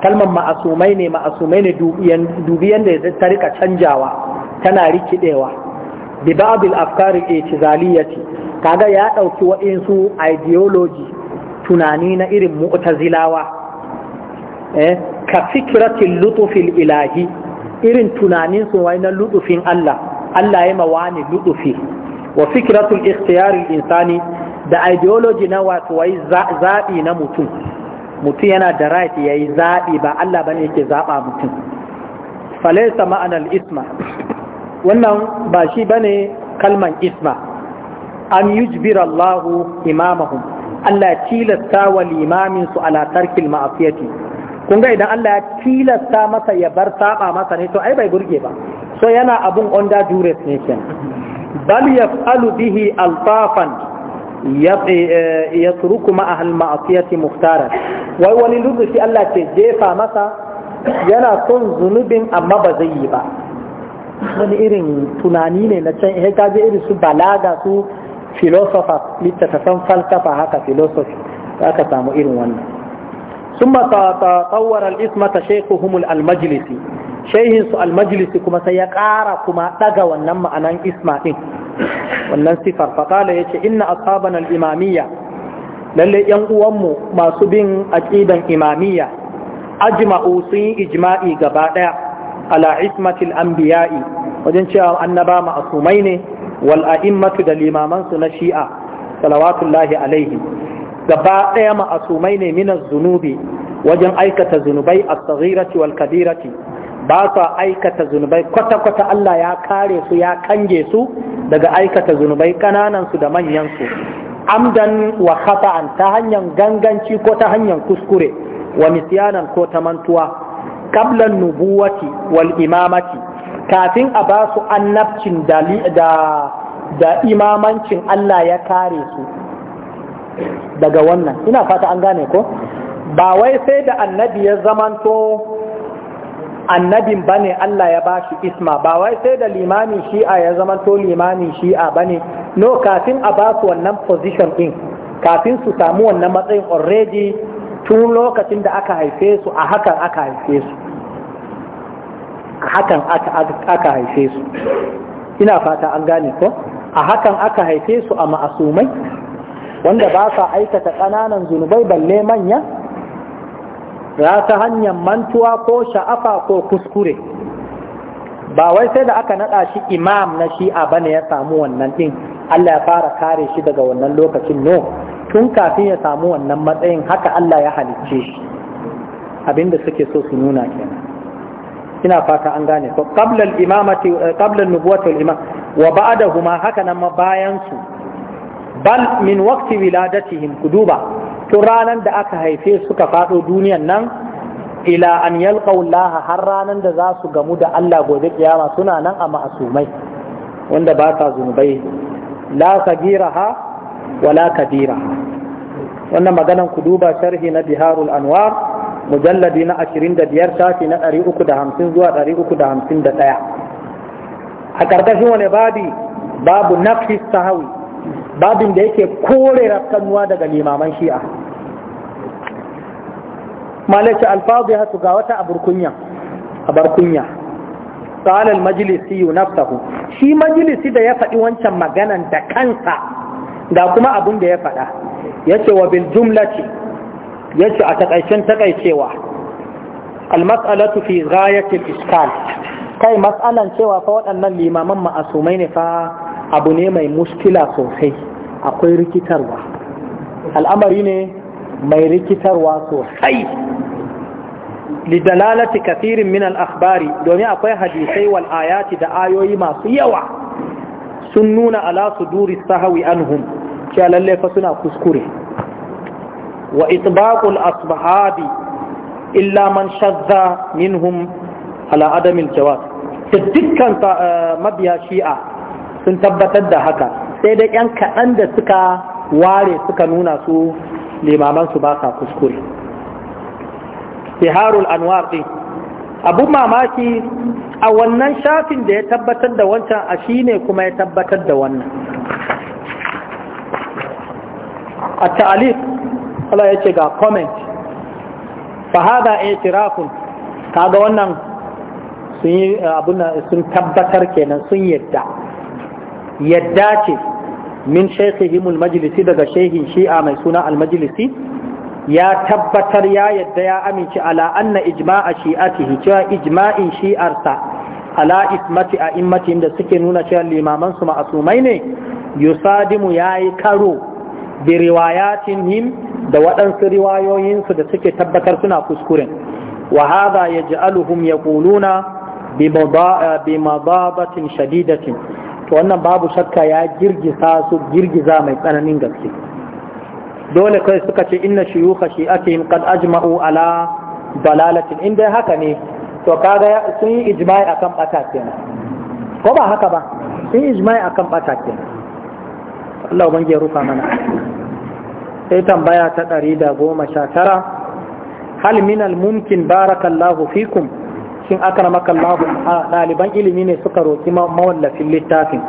kalmar ma'asumai ne ma'asumai ne dubi yanda ta rika canjawa tana rikidewa bi ba'dil afkari itizaliyati kaga ya dauki wa'insu ideology tunani na irin mu'tazilawa eh ka fikratil lutufil ilahi irin tunanin su wai na ludufin Allah Allah ya mawani ludufi wa fikratul ikhtiyari insani da ideology na wato wai zabi na mutum mutum yana da right yayi zabi ba Allah bane yake zaba mutum falaysa ma'anal isma wannan ba shi bane kalman isma an yujbir Allah imamahum Allah tilasta wa limamin su ala tarkil ma'asiyati kun ga idan Allah ya tilasta masa ya bar saba masa ne to ai bai burge ba so yana abun under duress ne kenan bal yaf'alu bihi altafan eh, yatruku ma ahal ma'asiyati muhtaran wai wani lubushi Allah ke jefa masa yana son zunubin amma ba zai yi ba wani irin tunani ne na can ya eh, kaje irin su balaga su philosopher littattafan falsafa haka philosophy aka samu irin wannan ثم تطور الاسم شيخهم المجلسي shehin su almajlisi kuma sai ya ƙara kuma ɗaga wannan ma'anan isma ɗin wannan sifar faƙala ya ce inna ashaban al'imamiyya lalle ‘yan uwanmu masu bin aƙidan imamiyya ajma'u sun yi ijma'i gaba daya ala ismatil anbiya'i wajen cewa annaba ma'asumai ne wal a'immatu da limamansu na shi'a salawatullahi alaihi gaba ɗaya ma'asumai ne minas zunubi wajen aikata zunubai a tsagirati wal kabirati ba sa aikata zunubai kwata-kwata Allah ya kare su ya kange su daga aikata zunubai ƙananansu da manyansu amdan wa khata'an ta hanyar ganganci ko ta hanyar kuskure wa misyanan ko ta mantuwa kablan nubuwati wal imamati kafin a ba su annabcin da da imamancin Allah ya kare su daga wannan ina fata an gane ko ba wai sai da annabi ya zamanto annabin bane Allah ya bashi isma ba wai sai da limamin shi'a ya zamanto limamin shi'a bane no kafin a ba su wannan position din kafin su samu wannan matsayin already tun lokacin da aka haife su a hakan aka haife su a hakan aka haife su ina fata an gane ko a hakan aka haife su a ma'asumai wanda ba sa aikata ƙananan zunubai balle manya ya ta hanyar mantuwa ko sha'afa ko kuskure ba wai sai da aka naɗa shi imam na shi'a ba ne ya samu wannan ɗin Allah ya fara kare shi daga wannan lokacin no tun kafin ya samu wannan matsayin haka Allah ya halicce shi abinda suke so su nuna kenan ina fata an gane ko qabla al-imamati qabla an-nubuwati al imam wa ba'dahuma haka nan ma bayan su bal min waqti wiladatihim ku duba tun ranar da aka haife suka faɗo duniyan nan ila an yalqaw har ranar da za su gamu da Allah gobe kiyama suna nan a ma'asumai wanda ba sa zunubai la sagiraha wala kabira wannan maganan ku duba sharhi na Biharul Anwar mujalladi na 25 shafi na 350 zuwa 351 a ƙarƙashin wani babi babu nafis sahawi babin da yake kore rafkanuwa daga limaman shi'a malaci alfazu ya ga wata aburkunya abarkunya قال المجلسي نفسه shi majalisi da ya faɗi wancan maganan da kansa da kuma abin da ya faɗa ya ce wa bil jumlati ya ce a takaicen takaicewa almas'alatu fi ghayatil iskal kai mas'alan cewa fa waɗannan limaman ma'asumai ne fa abu ne mai muskila sosai akwai rikitarwa al'amari ne mai rikitarwa sosai lidalalati kathirin min al'akbari domin akwai hadisai wal ayati da ayoyi masu yawa sun nuna ala su duri sahawi anhum cewa lalle fa suna kuskure wa itbaqul asbahabi illa man shazza minhum ala adamil jawab da dukkan eh, mabiya shi'a sun tabbatar da haka sai dai yan kaɗan da suka ware suka nuna su limaman su ba sa kuskure biharul anwar ɗin, abin mamaki a wannan shafin da ya tabbatar da wancan a shine kuma ya tabbatar da wannan a ta'alif Allah ya ce ga comment fahada itirafun kaga wannan sun abun sun tabbatar kenan sun yadda yadda ce min shaykhihimul majlisi daga shehin shi'a mai suna al-majlisi ya tabbatar ya yadda ya amince ala anna ijma'a shi'atihi cewa ijma'in shi'arsa ala ismati a immatin da suke nuna cewa limaman su ma'asumai ne yusadimu yayi karo bi riwayatin him da waɗansu riwayoyinsu da suke tabbatar suna kuskuren wa hadha yaj'aluhum yaquluna bi madabatin shadidatin to wannan babu shakka ya girgiza su girgiza mai tsananin gaske dole kai suka ce inna shuyukha shi'atihim qad ajma'u ala dalalatin in dai haka ne to kaga sun yi ijma'i akan bata kenan ko ba haka ba sun yi ijma'i akan bata kenan Allah ubangi ya rufa mana sai tambaya ta 119 hal min al mumkin barakallahu fikum shin akramaka daliban ilimi ne suka roki mawallafin littafin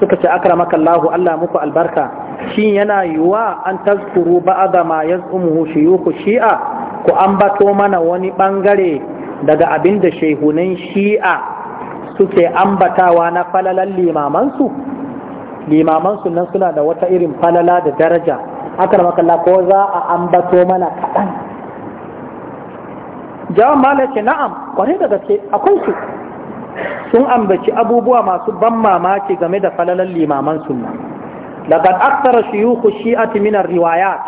suka ce akramaka Allah Allah muku albarka shin yana yiwa an tazkuru ba'da ma yazumuhu shuyukhu shi'a ku ambato mana wani bangare daga abin da shehunan shi'a suke ambatawa na falalan limamansu limamansu nan suna da wata irin falala da daraja akramaka Allah ko za a ambato mana kaɗan jawan mala ce na'am kwarai da gaske akwai su sun ambaci abubuwa masu ban mamaki game da falalan limaman sunna laqad aktsara shuyukhu shi'ati min Riwaya,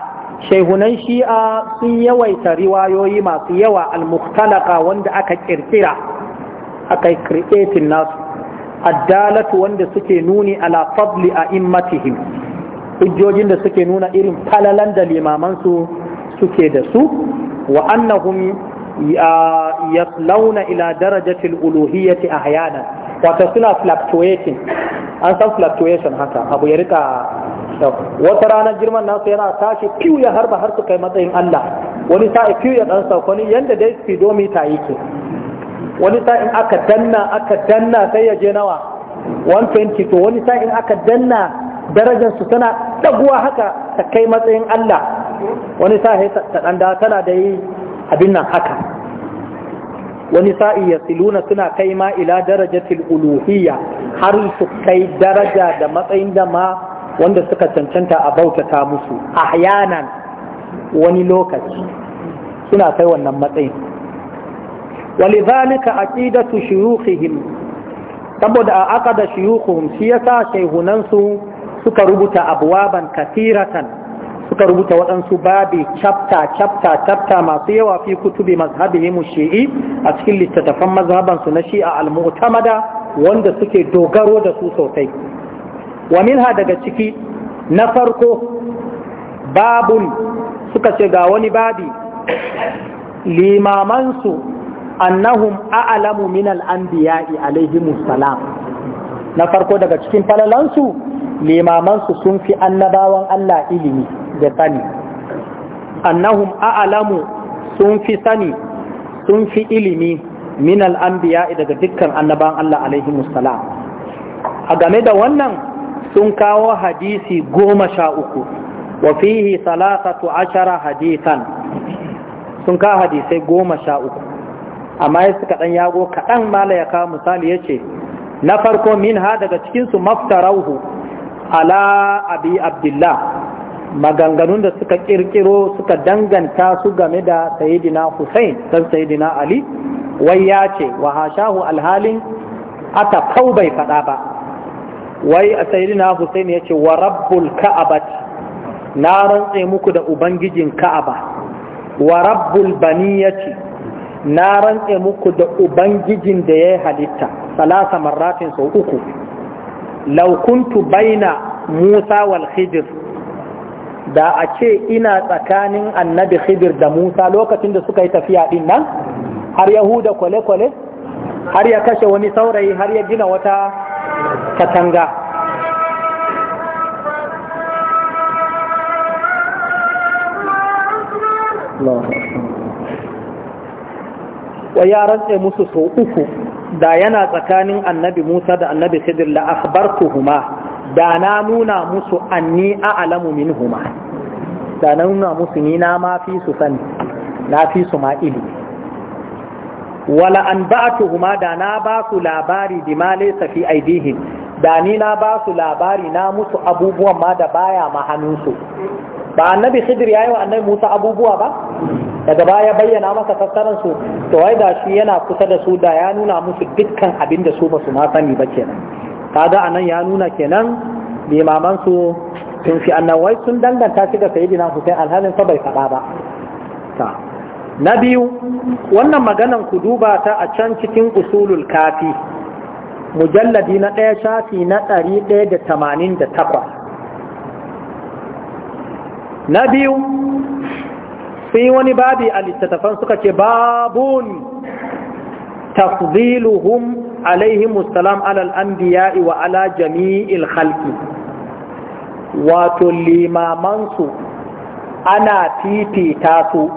shehunan shi'a sun yawaita riwayoyi masu yawa al-mukhtalaqa wanda aka kirkira aka creating nasu addalatu wanda suke nuni ala fadli a'immatihim hujjojin da suke nuna irin falalan da limamansu suke da su wa annahum yaslauna ila darajatil uluhiyyati ahyana wato suna fluctuating an san fluctuation haka abu ya rika wata ranar girman nasu yana tashi fiw ya harba har su kai matsayin Allah wani sa'i fiw ya dan sauko ni yanda dai speedometer yake wani sa'in aka danna aka danna sai ya je nawa 120 to wani sa'in aka danna darajar su tana daguwa haka ta kai matsayin Allah wani sa'in ta dan da tana da yi abin nan haka wani sa'i ya siluna suna kai ma ila darajatul uluhiyya har su kai daraja da matsayin da ma wanda suka cancanta a bautata musu ahyanan wani lokaci suna kai wannan matsayin walidhalika aqidatu shuyukhihim saboda a aqada shuyukhuhum shi yasa shaihunansu suka rubuta abuwaban kasiratan. suka rubuta waɗansu babi chapter chapter chapter masu yawa fi kutubi mazhabihim shi'i a cikin littattafan mazhaban su na shi'a al-mu'tamada wanda suke dogaro da su sosai wa minha daga ciki na farko babun suka ce ga wani babi limamansu annahum a'lamu min al-anbiya'i alaihimus salam na farko daga cikin falalansu limamansu sun fi annabawan Allah ilimi da sani annahum a'lamu sun fi sani sun fi ilimi min al'ambiya daga dukkan annaban Allah alaihi musallam a game da wannan sun kawo hadisi goma sha uku wa fihi salatatu ashara hadisan sun kawo hadisai goma sha uku amma ya suka ɗan yago kaɗan mala ya kawo misali ya ce na farko min ha daga cikinsu maftarauhu ala abi abdullah maganganun da suka kirkiro suka danganta su game da sayidina Hussein dan sayidina Ali wai ya ce wa hashahu alhalin aka kau bai faɗa ba wai sayidina Hussein ya ce wa rabbul ka'abat na rantse muku da ubangijin ka'aba wa rabbul baniyati na rantse muku da ubangijin da ya halitta salasa marratin sau uku lau kuntu baina musa wal khidr da a ce ina tsakanin annabi khidir da musa lokacin da suka yi tafiya din nan har yahuda kwale-kwale har ya kashe wani saurayi har ya gina wata katanga ya rantse musu sau uku da yana tsakanin annabi musa da annabi khidir la akhbartuhuma da na nuna musu anni a'lamu huma da na nuna musu ni na ma fi su sani na fi su ma ilu wala an ba'atuhuma da na ba su labari di male fi da ni na ba su labari na musu abubuwan ma da baya ma hannunsu ba annabi khidir yayi wa annabi Musa abubuwa ba daga baya bayyana masa fassarar su to wai da shi yana kusa da su da ya nuna musu dukkan abin da su ba su ma sani ba kenan kaga anan ya nuna kenan limaman su sun fi annan wai sun danganta shi da sayyidina Hussein alhalin bai faɗa ba ta na biyu wannan maganan ku duba ta a can cikin usulul kafi mujalladi na ɗaya shafi na ɗari ɗaya da tamanin da takwas na biyu sun yi wani babi a littattafan suka ce babun tafziluhum alaihim musalam alal anbiya'i wa ala jami'il khalqi wato limamansu ana fifita su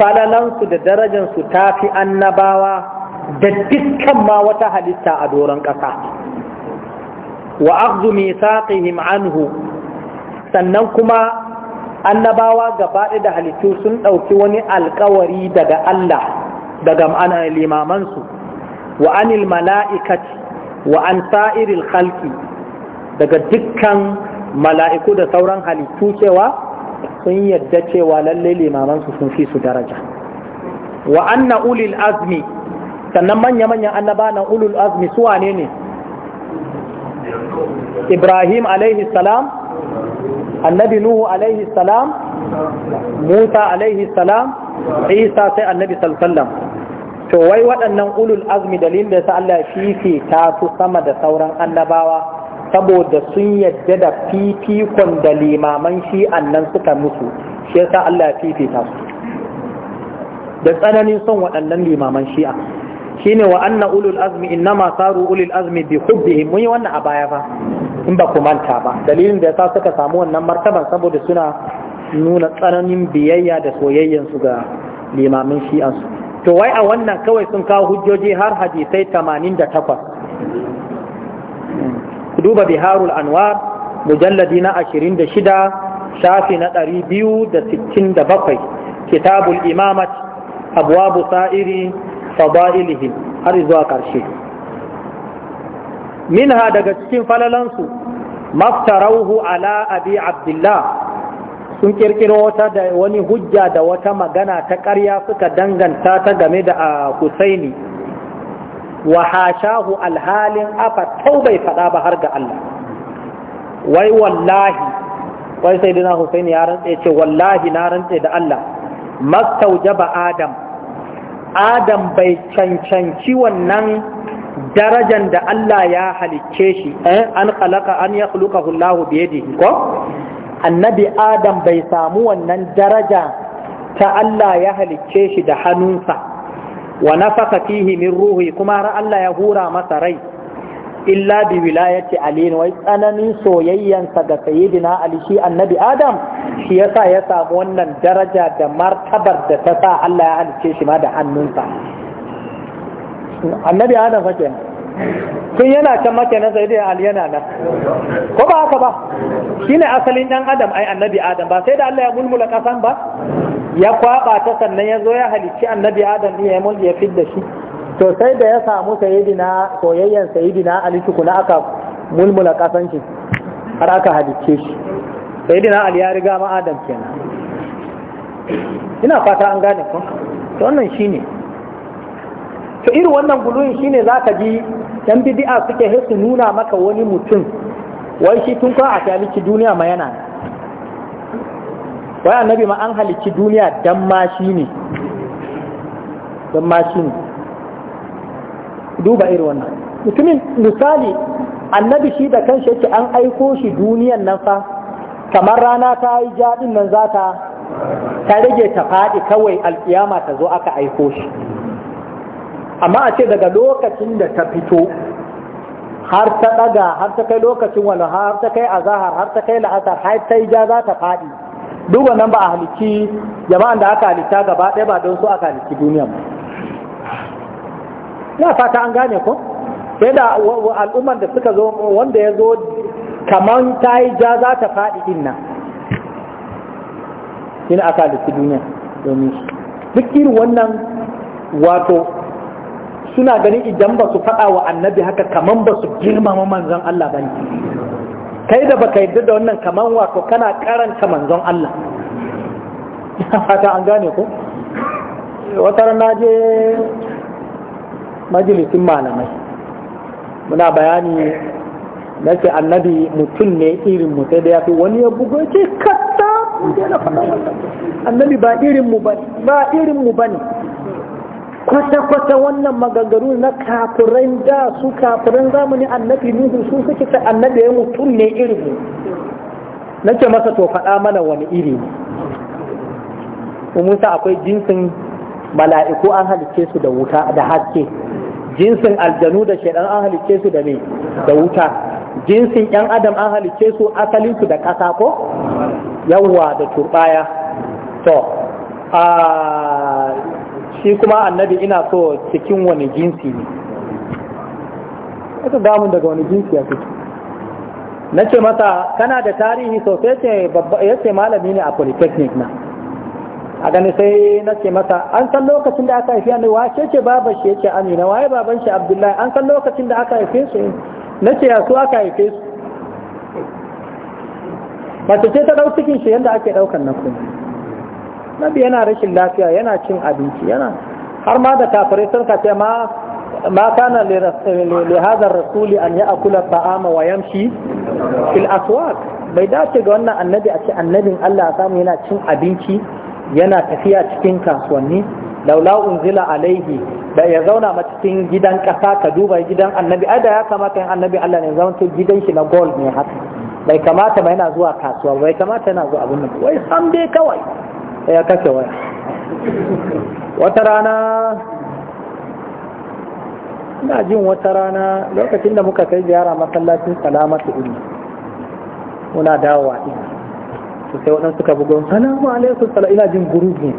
falalansu da darajansu ta fi annabawa da dukkan ma wata halitta a doron ƙasa wa akhdhu mithaqihim anhu sannan kuma annabawa gabaɗaya da halittu sun ɗauki wani alkawari daga Allah daga su. wa anil mala'ikati wa an sa'iril khalqi daga dukkan mala'iku da sauran halittu cewa sun yadda cewa lalle limamansu sun fi su daraja wa anna ulil azmi sannan manya-manyan annaba na ulul azmi su wane ne ibrahim alaihi salam annabi nuhu alaihi salam musa alaihi salam isa sai annabi sallallahu to wai waɗannan ulul azmi dalilin da sa Allah ta su sama da sauran annabawa saboda sun yadda da fifikon da limaman shi annan suka musu shi ya sa Allah ta su da tsananin son waɗannan limaman shi'a shine wa anna ulul azmi innama saru ulul azmi bi hubbihim mun yi wannan a baya ba in ba ku manta ba dalilin da sa suka samu wannan martaban saboda suna nuna tsananin biyayya da soyayyansu ga limamin shi'ansu to wai a wannan kawai sun kawo hujjoji har hadisai 88 duba biharul anwar mujalladi na 26 shafi na 267 kitabul imamat abwabu sa'iri fadailihi har zuwa karshe minha daga cikin falalansu maftarauhu ala abi abdullah sun kirkiro wata da wani hujja da wata magana ta ƙarya suka danganta ta game da ah, Husaini wa hashahu alhalin afa tau bai faɗa ba har ga Allah wai wallahi wai sai dina Husaini ya rantse ce wallahi na rantse da Allah mastaujaba Adam Adam bai cancanci wannan darajan da Allah ya halicce shi eh, an khalaqa an yakhluqahu Allah bi yadihi ko annabi adam bai samu wannan daraja ta Allah ya halicce shi da hannunsa wa nafaka fihi min ruhi kuma har Allah ya hura masa rai illa bi wilayati ali wai tsananin soyayyansa ga sayyidina ali shi annabi adam shi yasa ya samu wannan daraja da martabar da ta sa Allah ya halicce shi ma da hannunsa annabi adam fa kenan tun yana can makenan sai dai ali na nan ko ba haka ba Shi ne asalin dan adam ai annabi adam ba sai da Allah ya mulmula kasan ba ya kwaba ta sannan ya zo ya halicci annabi adam ne ya mulki ya fidda shi to sai da ya samu sayidina soyayyen sayidina ali tukuna aka mulmula kasan shi har aka halicce shi sayidina ali ya riga ma adam kenan ina fata an gane ko to wannan shine to irin wannan guluyin shine zaka ji yan bidi'a suke su nuna maka wani mutum wai shi tun kuma a halicci duniya ma yana wai annabi ma an halicci duniya dan ma shi ne dan ma shi ne duba irin wannan mutumin misali annabi shi da kanshi yake an aiko shi duniyan nan fa kamar rana ta yi jaɗin nan za ta ta rage ta faɗi kawai alƙiyama ta zo aka aiko shi amma a ce daga lokacin da ta fito har ta daga har ta kai lokacin wani har ta kai azahar har ta kai la'asar har ta yi ja za ta faɗi duk nan ba a halici jama'an da aka halitta gaba ɗaya ba don su aka halici duniya ba ya fata an gane ko sai da al'ummar da suka zo wanda ya zo kamar ta yi ja za ta faɗi din nan ina aka halici duniya domin duk irin wannan wato suna ganin idan ba su faɗa wa annabi haka kaman ba su girmama manzon Allah ba ne kai da baka yarda da wannan kaman wato kana karanta manzon Allah fata an gane ko wata na je majalisin malamai muna bayani na ce annabi mutum ne irin mu sai da ya fi wani ya bugo ce katta annabi ba irin mu ba irin mu bane kwata-kwata wannan magagaru na kafiran da su kafiran zamani annabi nuhu su suke ta annabi ya mutum ne irin nake masa to faɗa mana wani iri musa akwai jinsin mala'iku an halicce su da wuta da haske jinsin aljanu da shaidan an halicce su da ne da wuta jinsin yan adam an halicce su asalin su da ƙasa ko yawwa da turbaya to a shi kuma annabi ina so cikin wani jinsi ne ita damun daga wani jinsi ya fito na ce masa kana da tarihi sosai ya ce malami ne a polytechnic na a gani sai na ce masa an san lokacin da aka haifi annabi wace ce baban shi yake amina waye baban shi abdullahi an san lokacin da aka haife su na ce yasu su aka haife su mace ce ta ɗau cikin shi yadda ake ɗaukan na kuma nabi yana rashin lafiya yana cin abinci yana har ma da kafirai sun kace ma ma kana le hadha rasuli an akula ta'ama wa yamshi fil aswaq bai dace ga wannan annabi a ce annabin Allah ya samu yana cin abinci yana tafiya cikin kasuwanni laula unzila alaihi da ya zauna ma cikin gidan kasa ka duba gidan annabi ai da ya kamata yin annabi Allah ne zama gidan shi na gold ne haka bai kamata ba yana zuwa kasuwa bai kamata yana zuwa abin nan wai san dai kawai ya kashe waya wata rana ina jin wata rana lokacin da muka kai ziyara masallacin salamatu inna muna dawowa ina su sai waɗansu suka bugo salamu alaikum salamu ina jin gurugun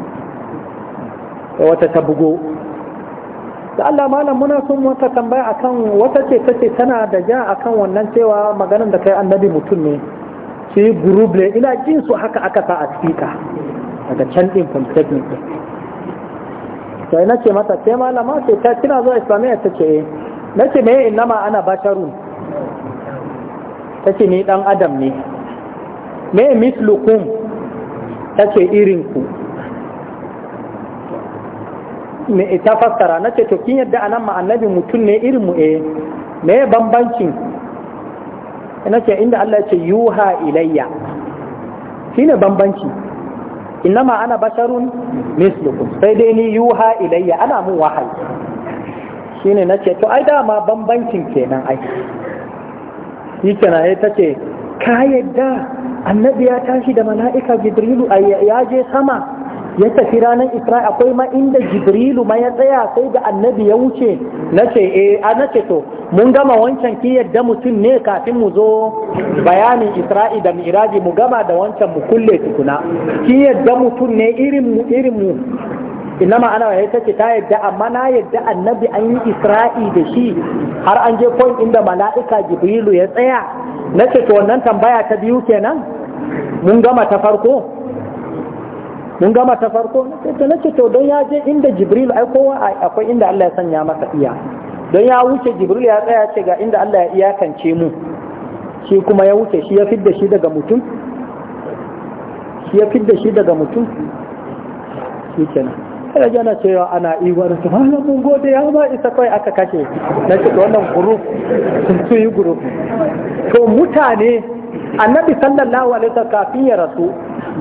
sai wata ta bugo da Allah malam muna son wata tambaya akan wata ce kace tana da ja akan wannan cewa maganar da kai annabi mutum ne shi group ne ina jin su haka aka sa a speaker daga can din polytechnic din sai na ce mata sai malama ce ta kina zuwa islamiyya ta ce eh. na ce me nama ana basharun ta ce ni dan adam ne me mislukum ta ce irinku me ta fassara na ce to kin yadda anan ma annabi mutum ne irin mu eh me bambancin na ce inda Allah ya ce yuha ilayya shine bambanci innama ana basharun mislukum sai dai ni yuha ilayya ana mun wahayi shine nace to ai dama bambancin kenan ai shi kenan ai tace ka yadda annabi ya tashi da mala'ika jibrilu ya je sama ya tafi ranar Isra'i akwai ma inda Jibrilu ma ya tsaya sai da annabi ya wuce nace eh ce to mun gama wancan ki yadda mutum ne kafin mu zo bayanin Isra'i da Miraji mu gama da wancan mu kulle tukuna ki yadda mutum ne irin mu irin mu inama ana ya ta yadda amma na yadda annabi an yi Isra'i da shi har an je point inda mala'ika Jibrilu ya tsaya na ce to wannan tambaya ta biyu kenan mun gama ta farko mun gama ta farko na ce to don ya je inda jibril ai kowa akwai inda Allah ya sanya masa iya don ya wuce jibril ya tsaya ce ga inda Allah ya iyakance mu shi kuma ya wuce shi ya fidda shi daga mutum shi ya fidda shi daga mutum shi kenan kada jana cewa ana iwa da su hana mun gode ya ba isa kawai aka kashe na ce da wannan group sun su yi group to mutane annabi sallallahu alaihi wasallam kafin ya rasu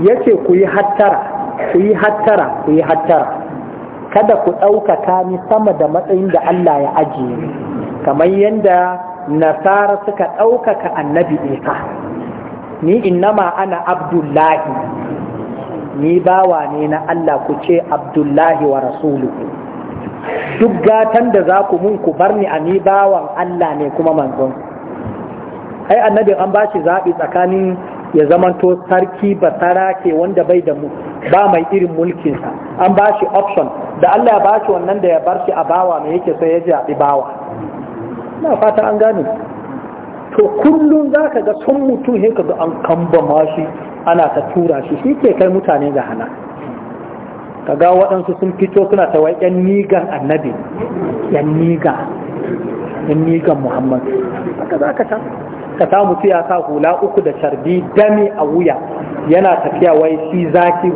yace ku yi hattara ku yi hattara ku yi hattara kada ku ɗaukaka ni sama da matsayin da Allah ya ajiye kamar yadda nasara suka ɗaukaka annabi isa ni innama ana abdullahi ni bawa ne na Allah ku ce abdullahi wa rasulu duk gatan da za ku mun ku barni ni a ni bawan Allah ne kuma manzon ai annabin an ba shi zaɓi tsakanin ya zamanto sarki basara ke wanda bai da mu, ba mai irin mulkinsa an ba shi option da Allah ya ba shi wannan da ya bar shi a bawa mai yake sai ya zaɓi bawa na fata an gane to kullum za ka ga sun mutum sai ka ga an kamba shi, ana ta tura shi shi ke kai mutane ga hana ka ga waɗansu sun fito suna ta wa yan nigan annabi yan niga yan nigan muhammad ka samu sai ya sa hula uku da carbi dami a wuya yana tafiya wai shi zaki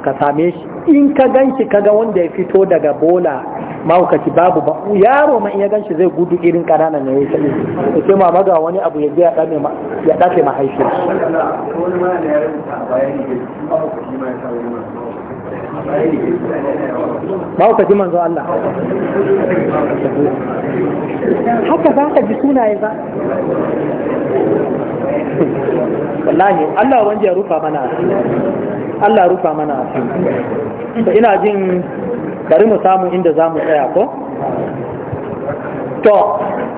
ka same shi in ka ka ga wanda ya fito daga bola mahaukaci babu ba yaro ma in ya ganshi zai gudu irin ƙananan ne sai ya ce ma ga wani abu ya je ya dace mahaifiyar ba ji manzo Allah haka za ka ji sunaye ba wallahi Allah wanda ya rufa mana Allah rufa mana ina jin bari mu samu inda za mu tsaya ko to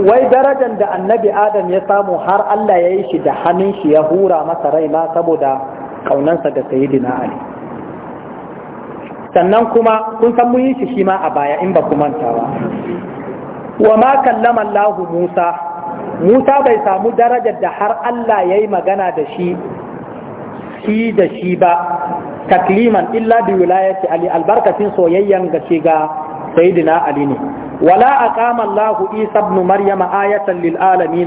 wai darajar da annabi adam ya samu har Allah ya yi shi da hannun shi ya hura masa raina saboda kaunansa ga sayidina Ali sannan kuma kun san mun yi shi shi ma a baya in ba ku mantawa wa ma kallama Allah Musa Musa bai samu darajar da har Allah ya yi magana da shi shi da shi ba takliman illa bi wilayati ali albarkacin soyayyan ga shi ga sayyidina ali ne wala aqama Allah Isa ibn Maryam ayatan lil alamin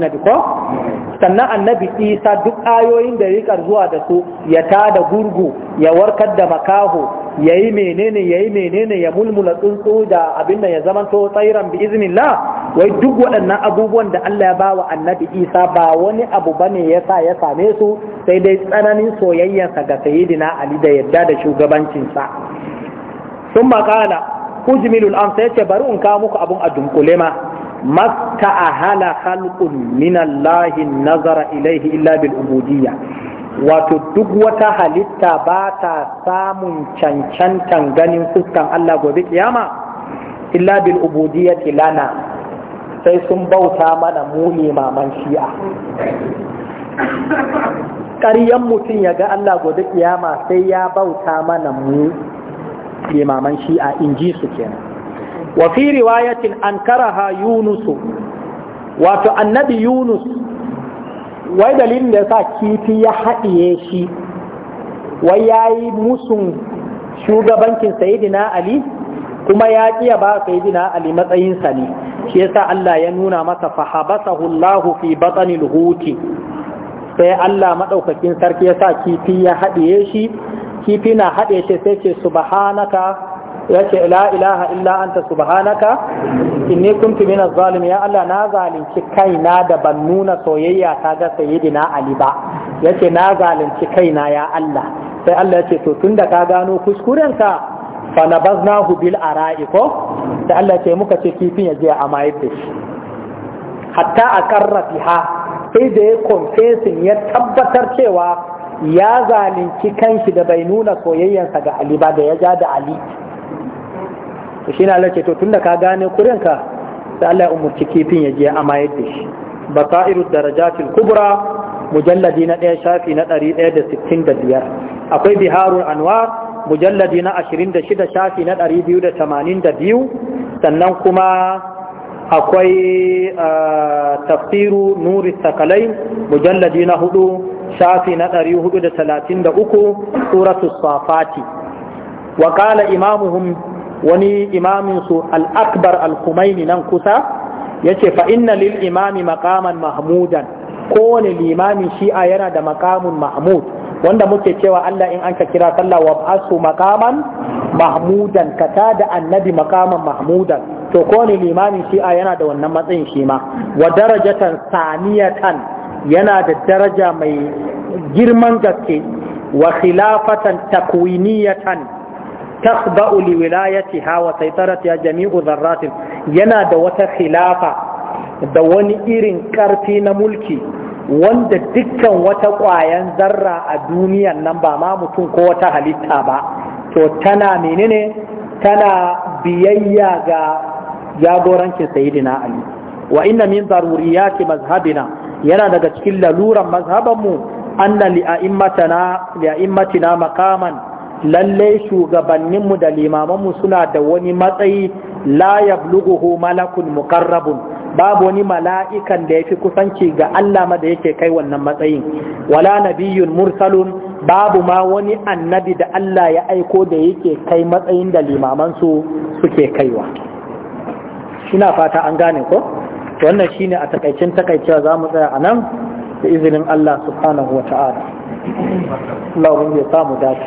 sannan annabi Isa duk ayoyin da rika zuwa da su ya tada gurgu ya warkar da makaho yayi menene yayi menene ya mulmula tsuntsu da abin ya zamanto tsairan bi iznillah wai duk waɗannan abubuwan da Allah ya annabi Isa ba wani abu ba ne ya sa ya same su sai dai tsananin sayidina Ali da da shugabancinsa. Sun ujmilul amsa yace bari in kawo muku abun a dunkule ma a ahala khalqun min Allah nazara ilaihi illa bil ubudiyya wato duk wata halitta ba ta samun cancantan ganin fuskan Allah gobe kiyama illa bil ubudiyyati lana sai sun bauta mana mu maman shi'a ƙaryan mutum ya ga Allah gobe kiyama sai ya bauta mana mu limaman shi'a in ji su kenan wa fi riwayatin ankaraha yunus wato annabi yunus wai dalilin da yasa kifi ya haɗiye shi wai yayi musun shugabancin sayidina ali kuma ya ƙiya ba sayyidina ali matsayin sa ne shi yasa Allah ya nuna masa fahabasahu Allah fi batnil huti sai Allah madaukakin sarki yasa kifi ya haɗiye shi kifi na haɗe ce sai ce subhanaka ya ce la ilaha illa anta subhanaka inni kuntu min zalim ya Allah na zalunci kaina da ban nuna soyayya ta ga sayyidina Ali ba yace na zalunci kaina ya Allah sai Allah ya ce to tunda ka gano kuskurenka fa nabaznahu bil ara'i ko sai Allah ya ce muka ce kifin ya je a mayar da shi hatta a fiha sai da ya confessing ya tabbatar cewa ya zalunci kanshi da bai nuna soyayyansa ga Ali ba da ya ja da Ali to shi Allah ce to tunda ka gane kurinka sai Allah ya umurci kifin ya je amma yadda shi basairu darajatil kubra mujalladi na ɗaya shafi na ɗari ɗaya da sittin da biyar akwai biharun anwar mujalladi na ashirin da shida shafi na ɗari biyu da tamanin da biyu sannan kuma akwai ah, tafsiru nuri sakalai mujalladi na hudu shafi na 433 suratul safati wa qala imamuhum wani imamin su al-akbar al-kumaini nan kusa yace fa inna lil imami makaman mahmudan kowane limami shi'a yana da makamun mahmud wanda muke cewa Allah in an ka kira sallah wa asu makaman mahmudan ka da annabi makaman mahmudan to kowane limami shi'a yana da wannan matsayin shi ma wa darajatan saniyatan yana da daraja mai girman gaske wa khilafatan takwiniyatan Takba'uli, li wilayatiha wa saitaratiha jami'u dharratin yana da wata khilafa da wani irin karfi na mulki wanda dukkan wata ƙwayan zarra a duniyan nan ba ma mutum ko wata halitta ba to tana menene tana biyayya ga jagorancin sayidina ali wa inna min zaruriyati mazhabina yana daga cikin laluran mazhabanmu anna li'a'immatina makaman lalle shugabanninmu da limamanmu suna da wani matsayi la yablughuhu malakun muqarrabun babu wani mala'ikan da yafi kusanci ga Allah ma da yake kai wannan matsayin wala nabiyyun mursalun babu ma wani annabi da Allah ya aiko da yake kai matsayin da limamansu suke kaiwa ina fata an gane ko wannan shine a takaicin takaicewa za mu tsaya a nan da izinin Allah subhanahu wa ta'ala Allah ya samu dace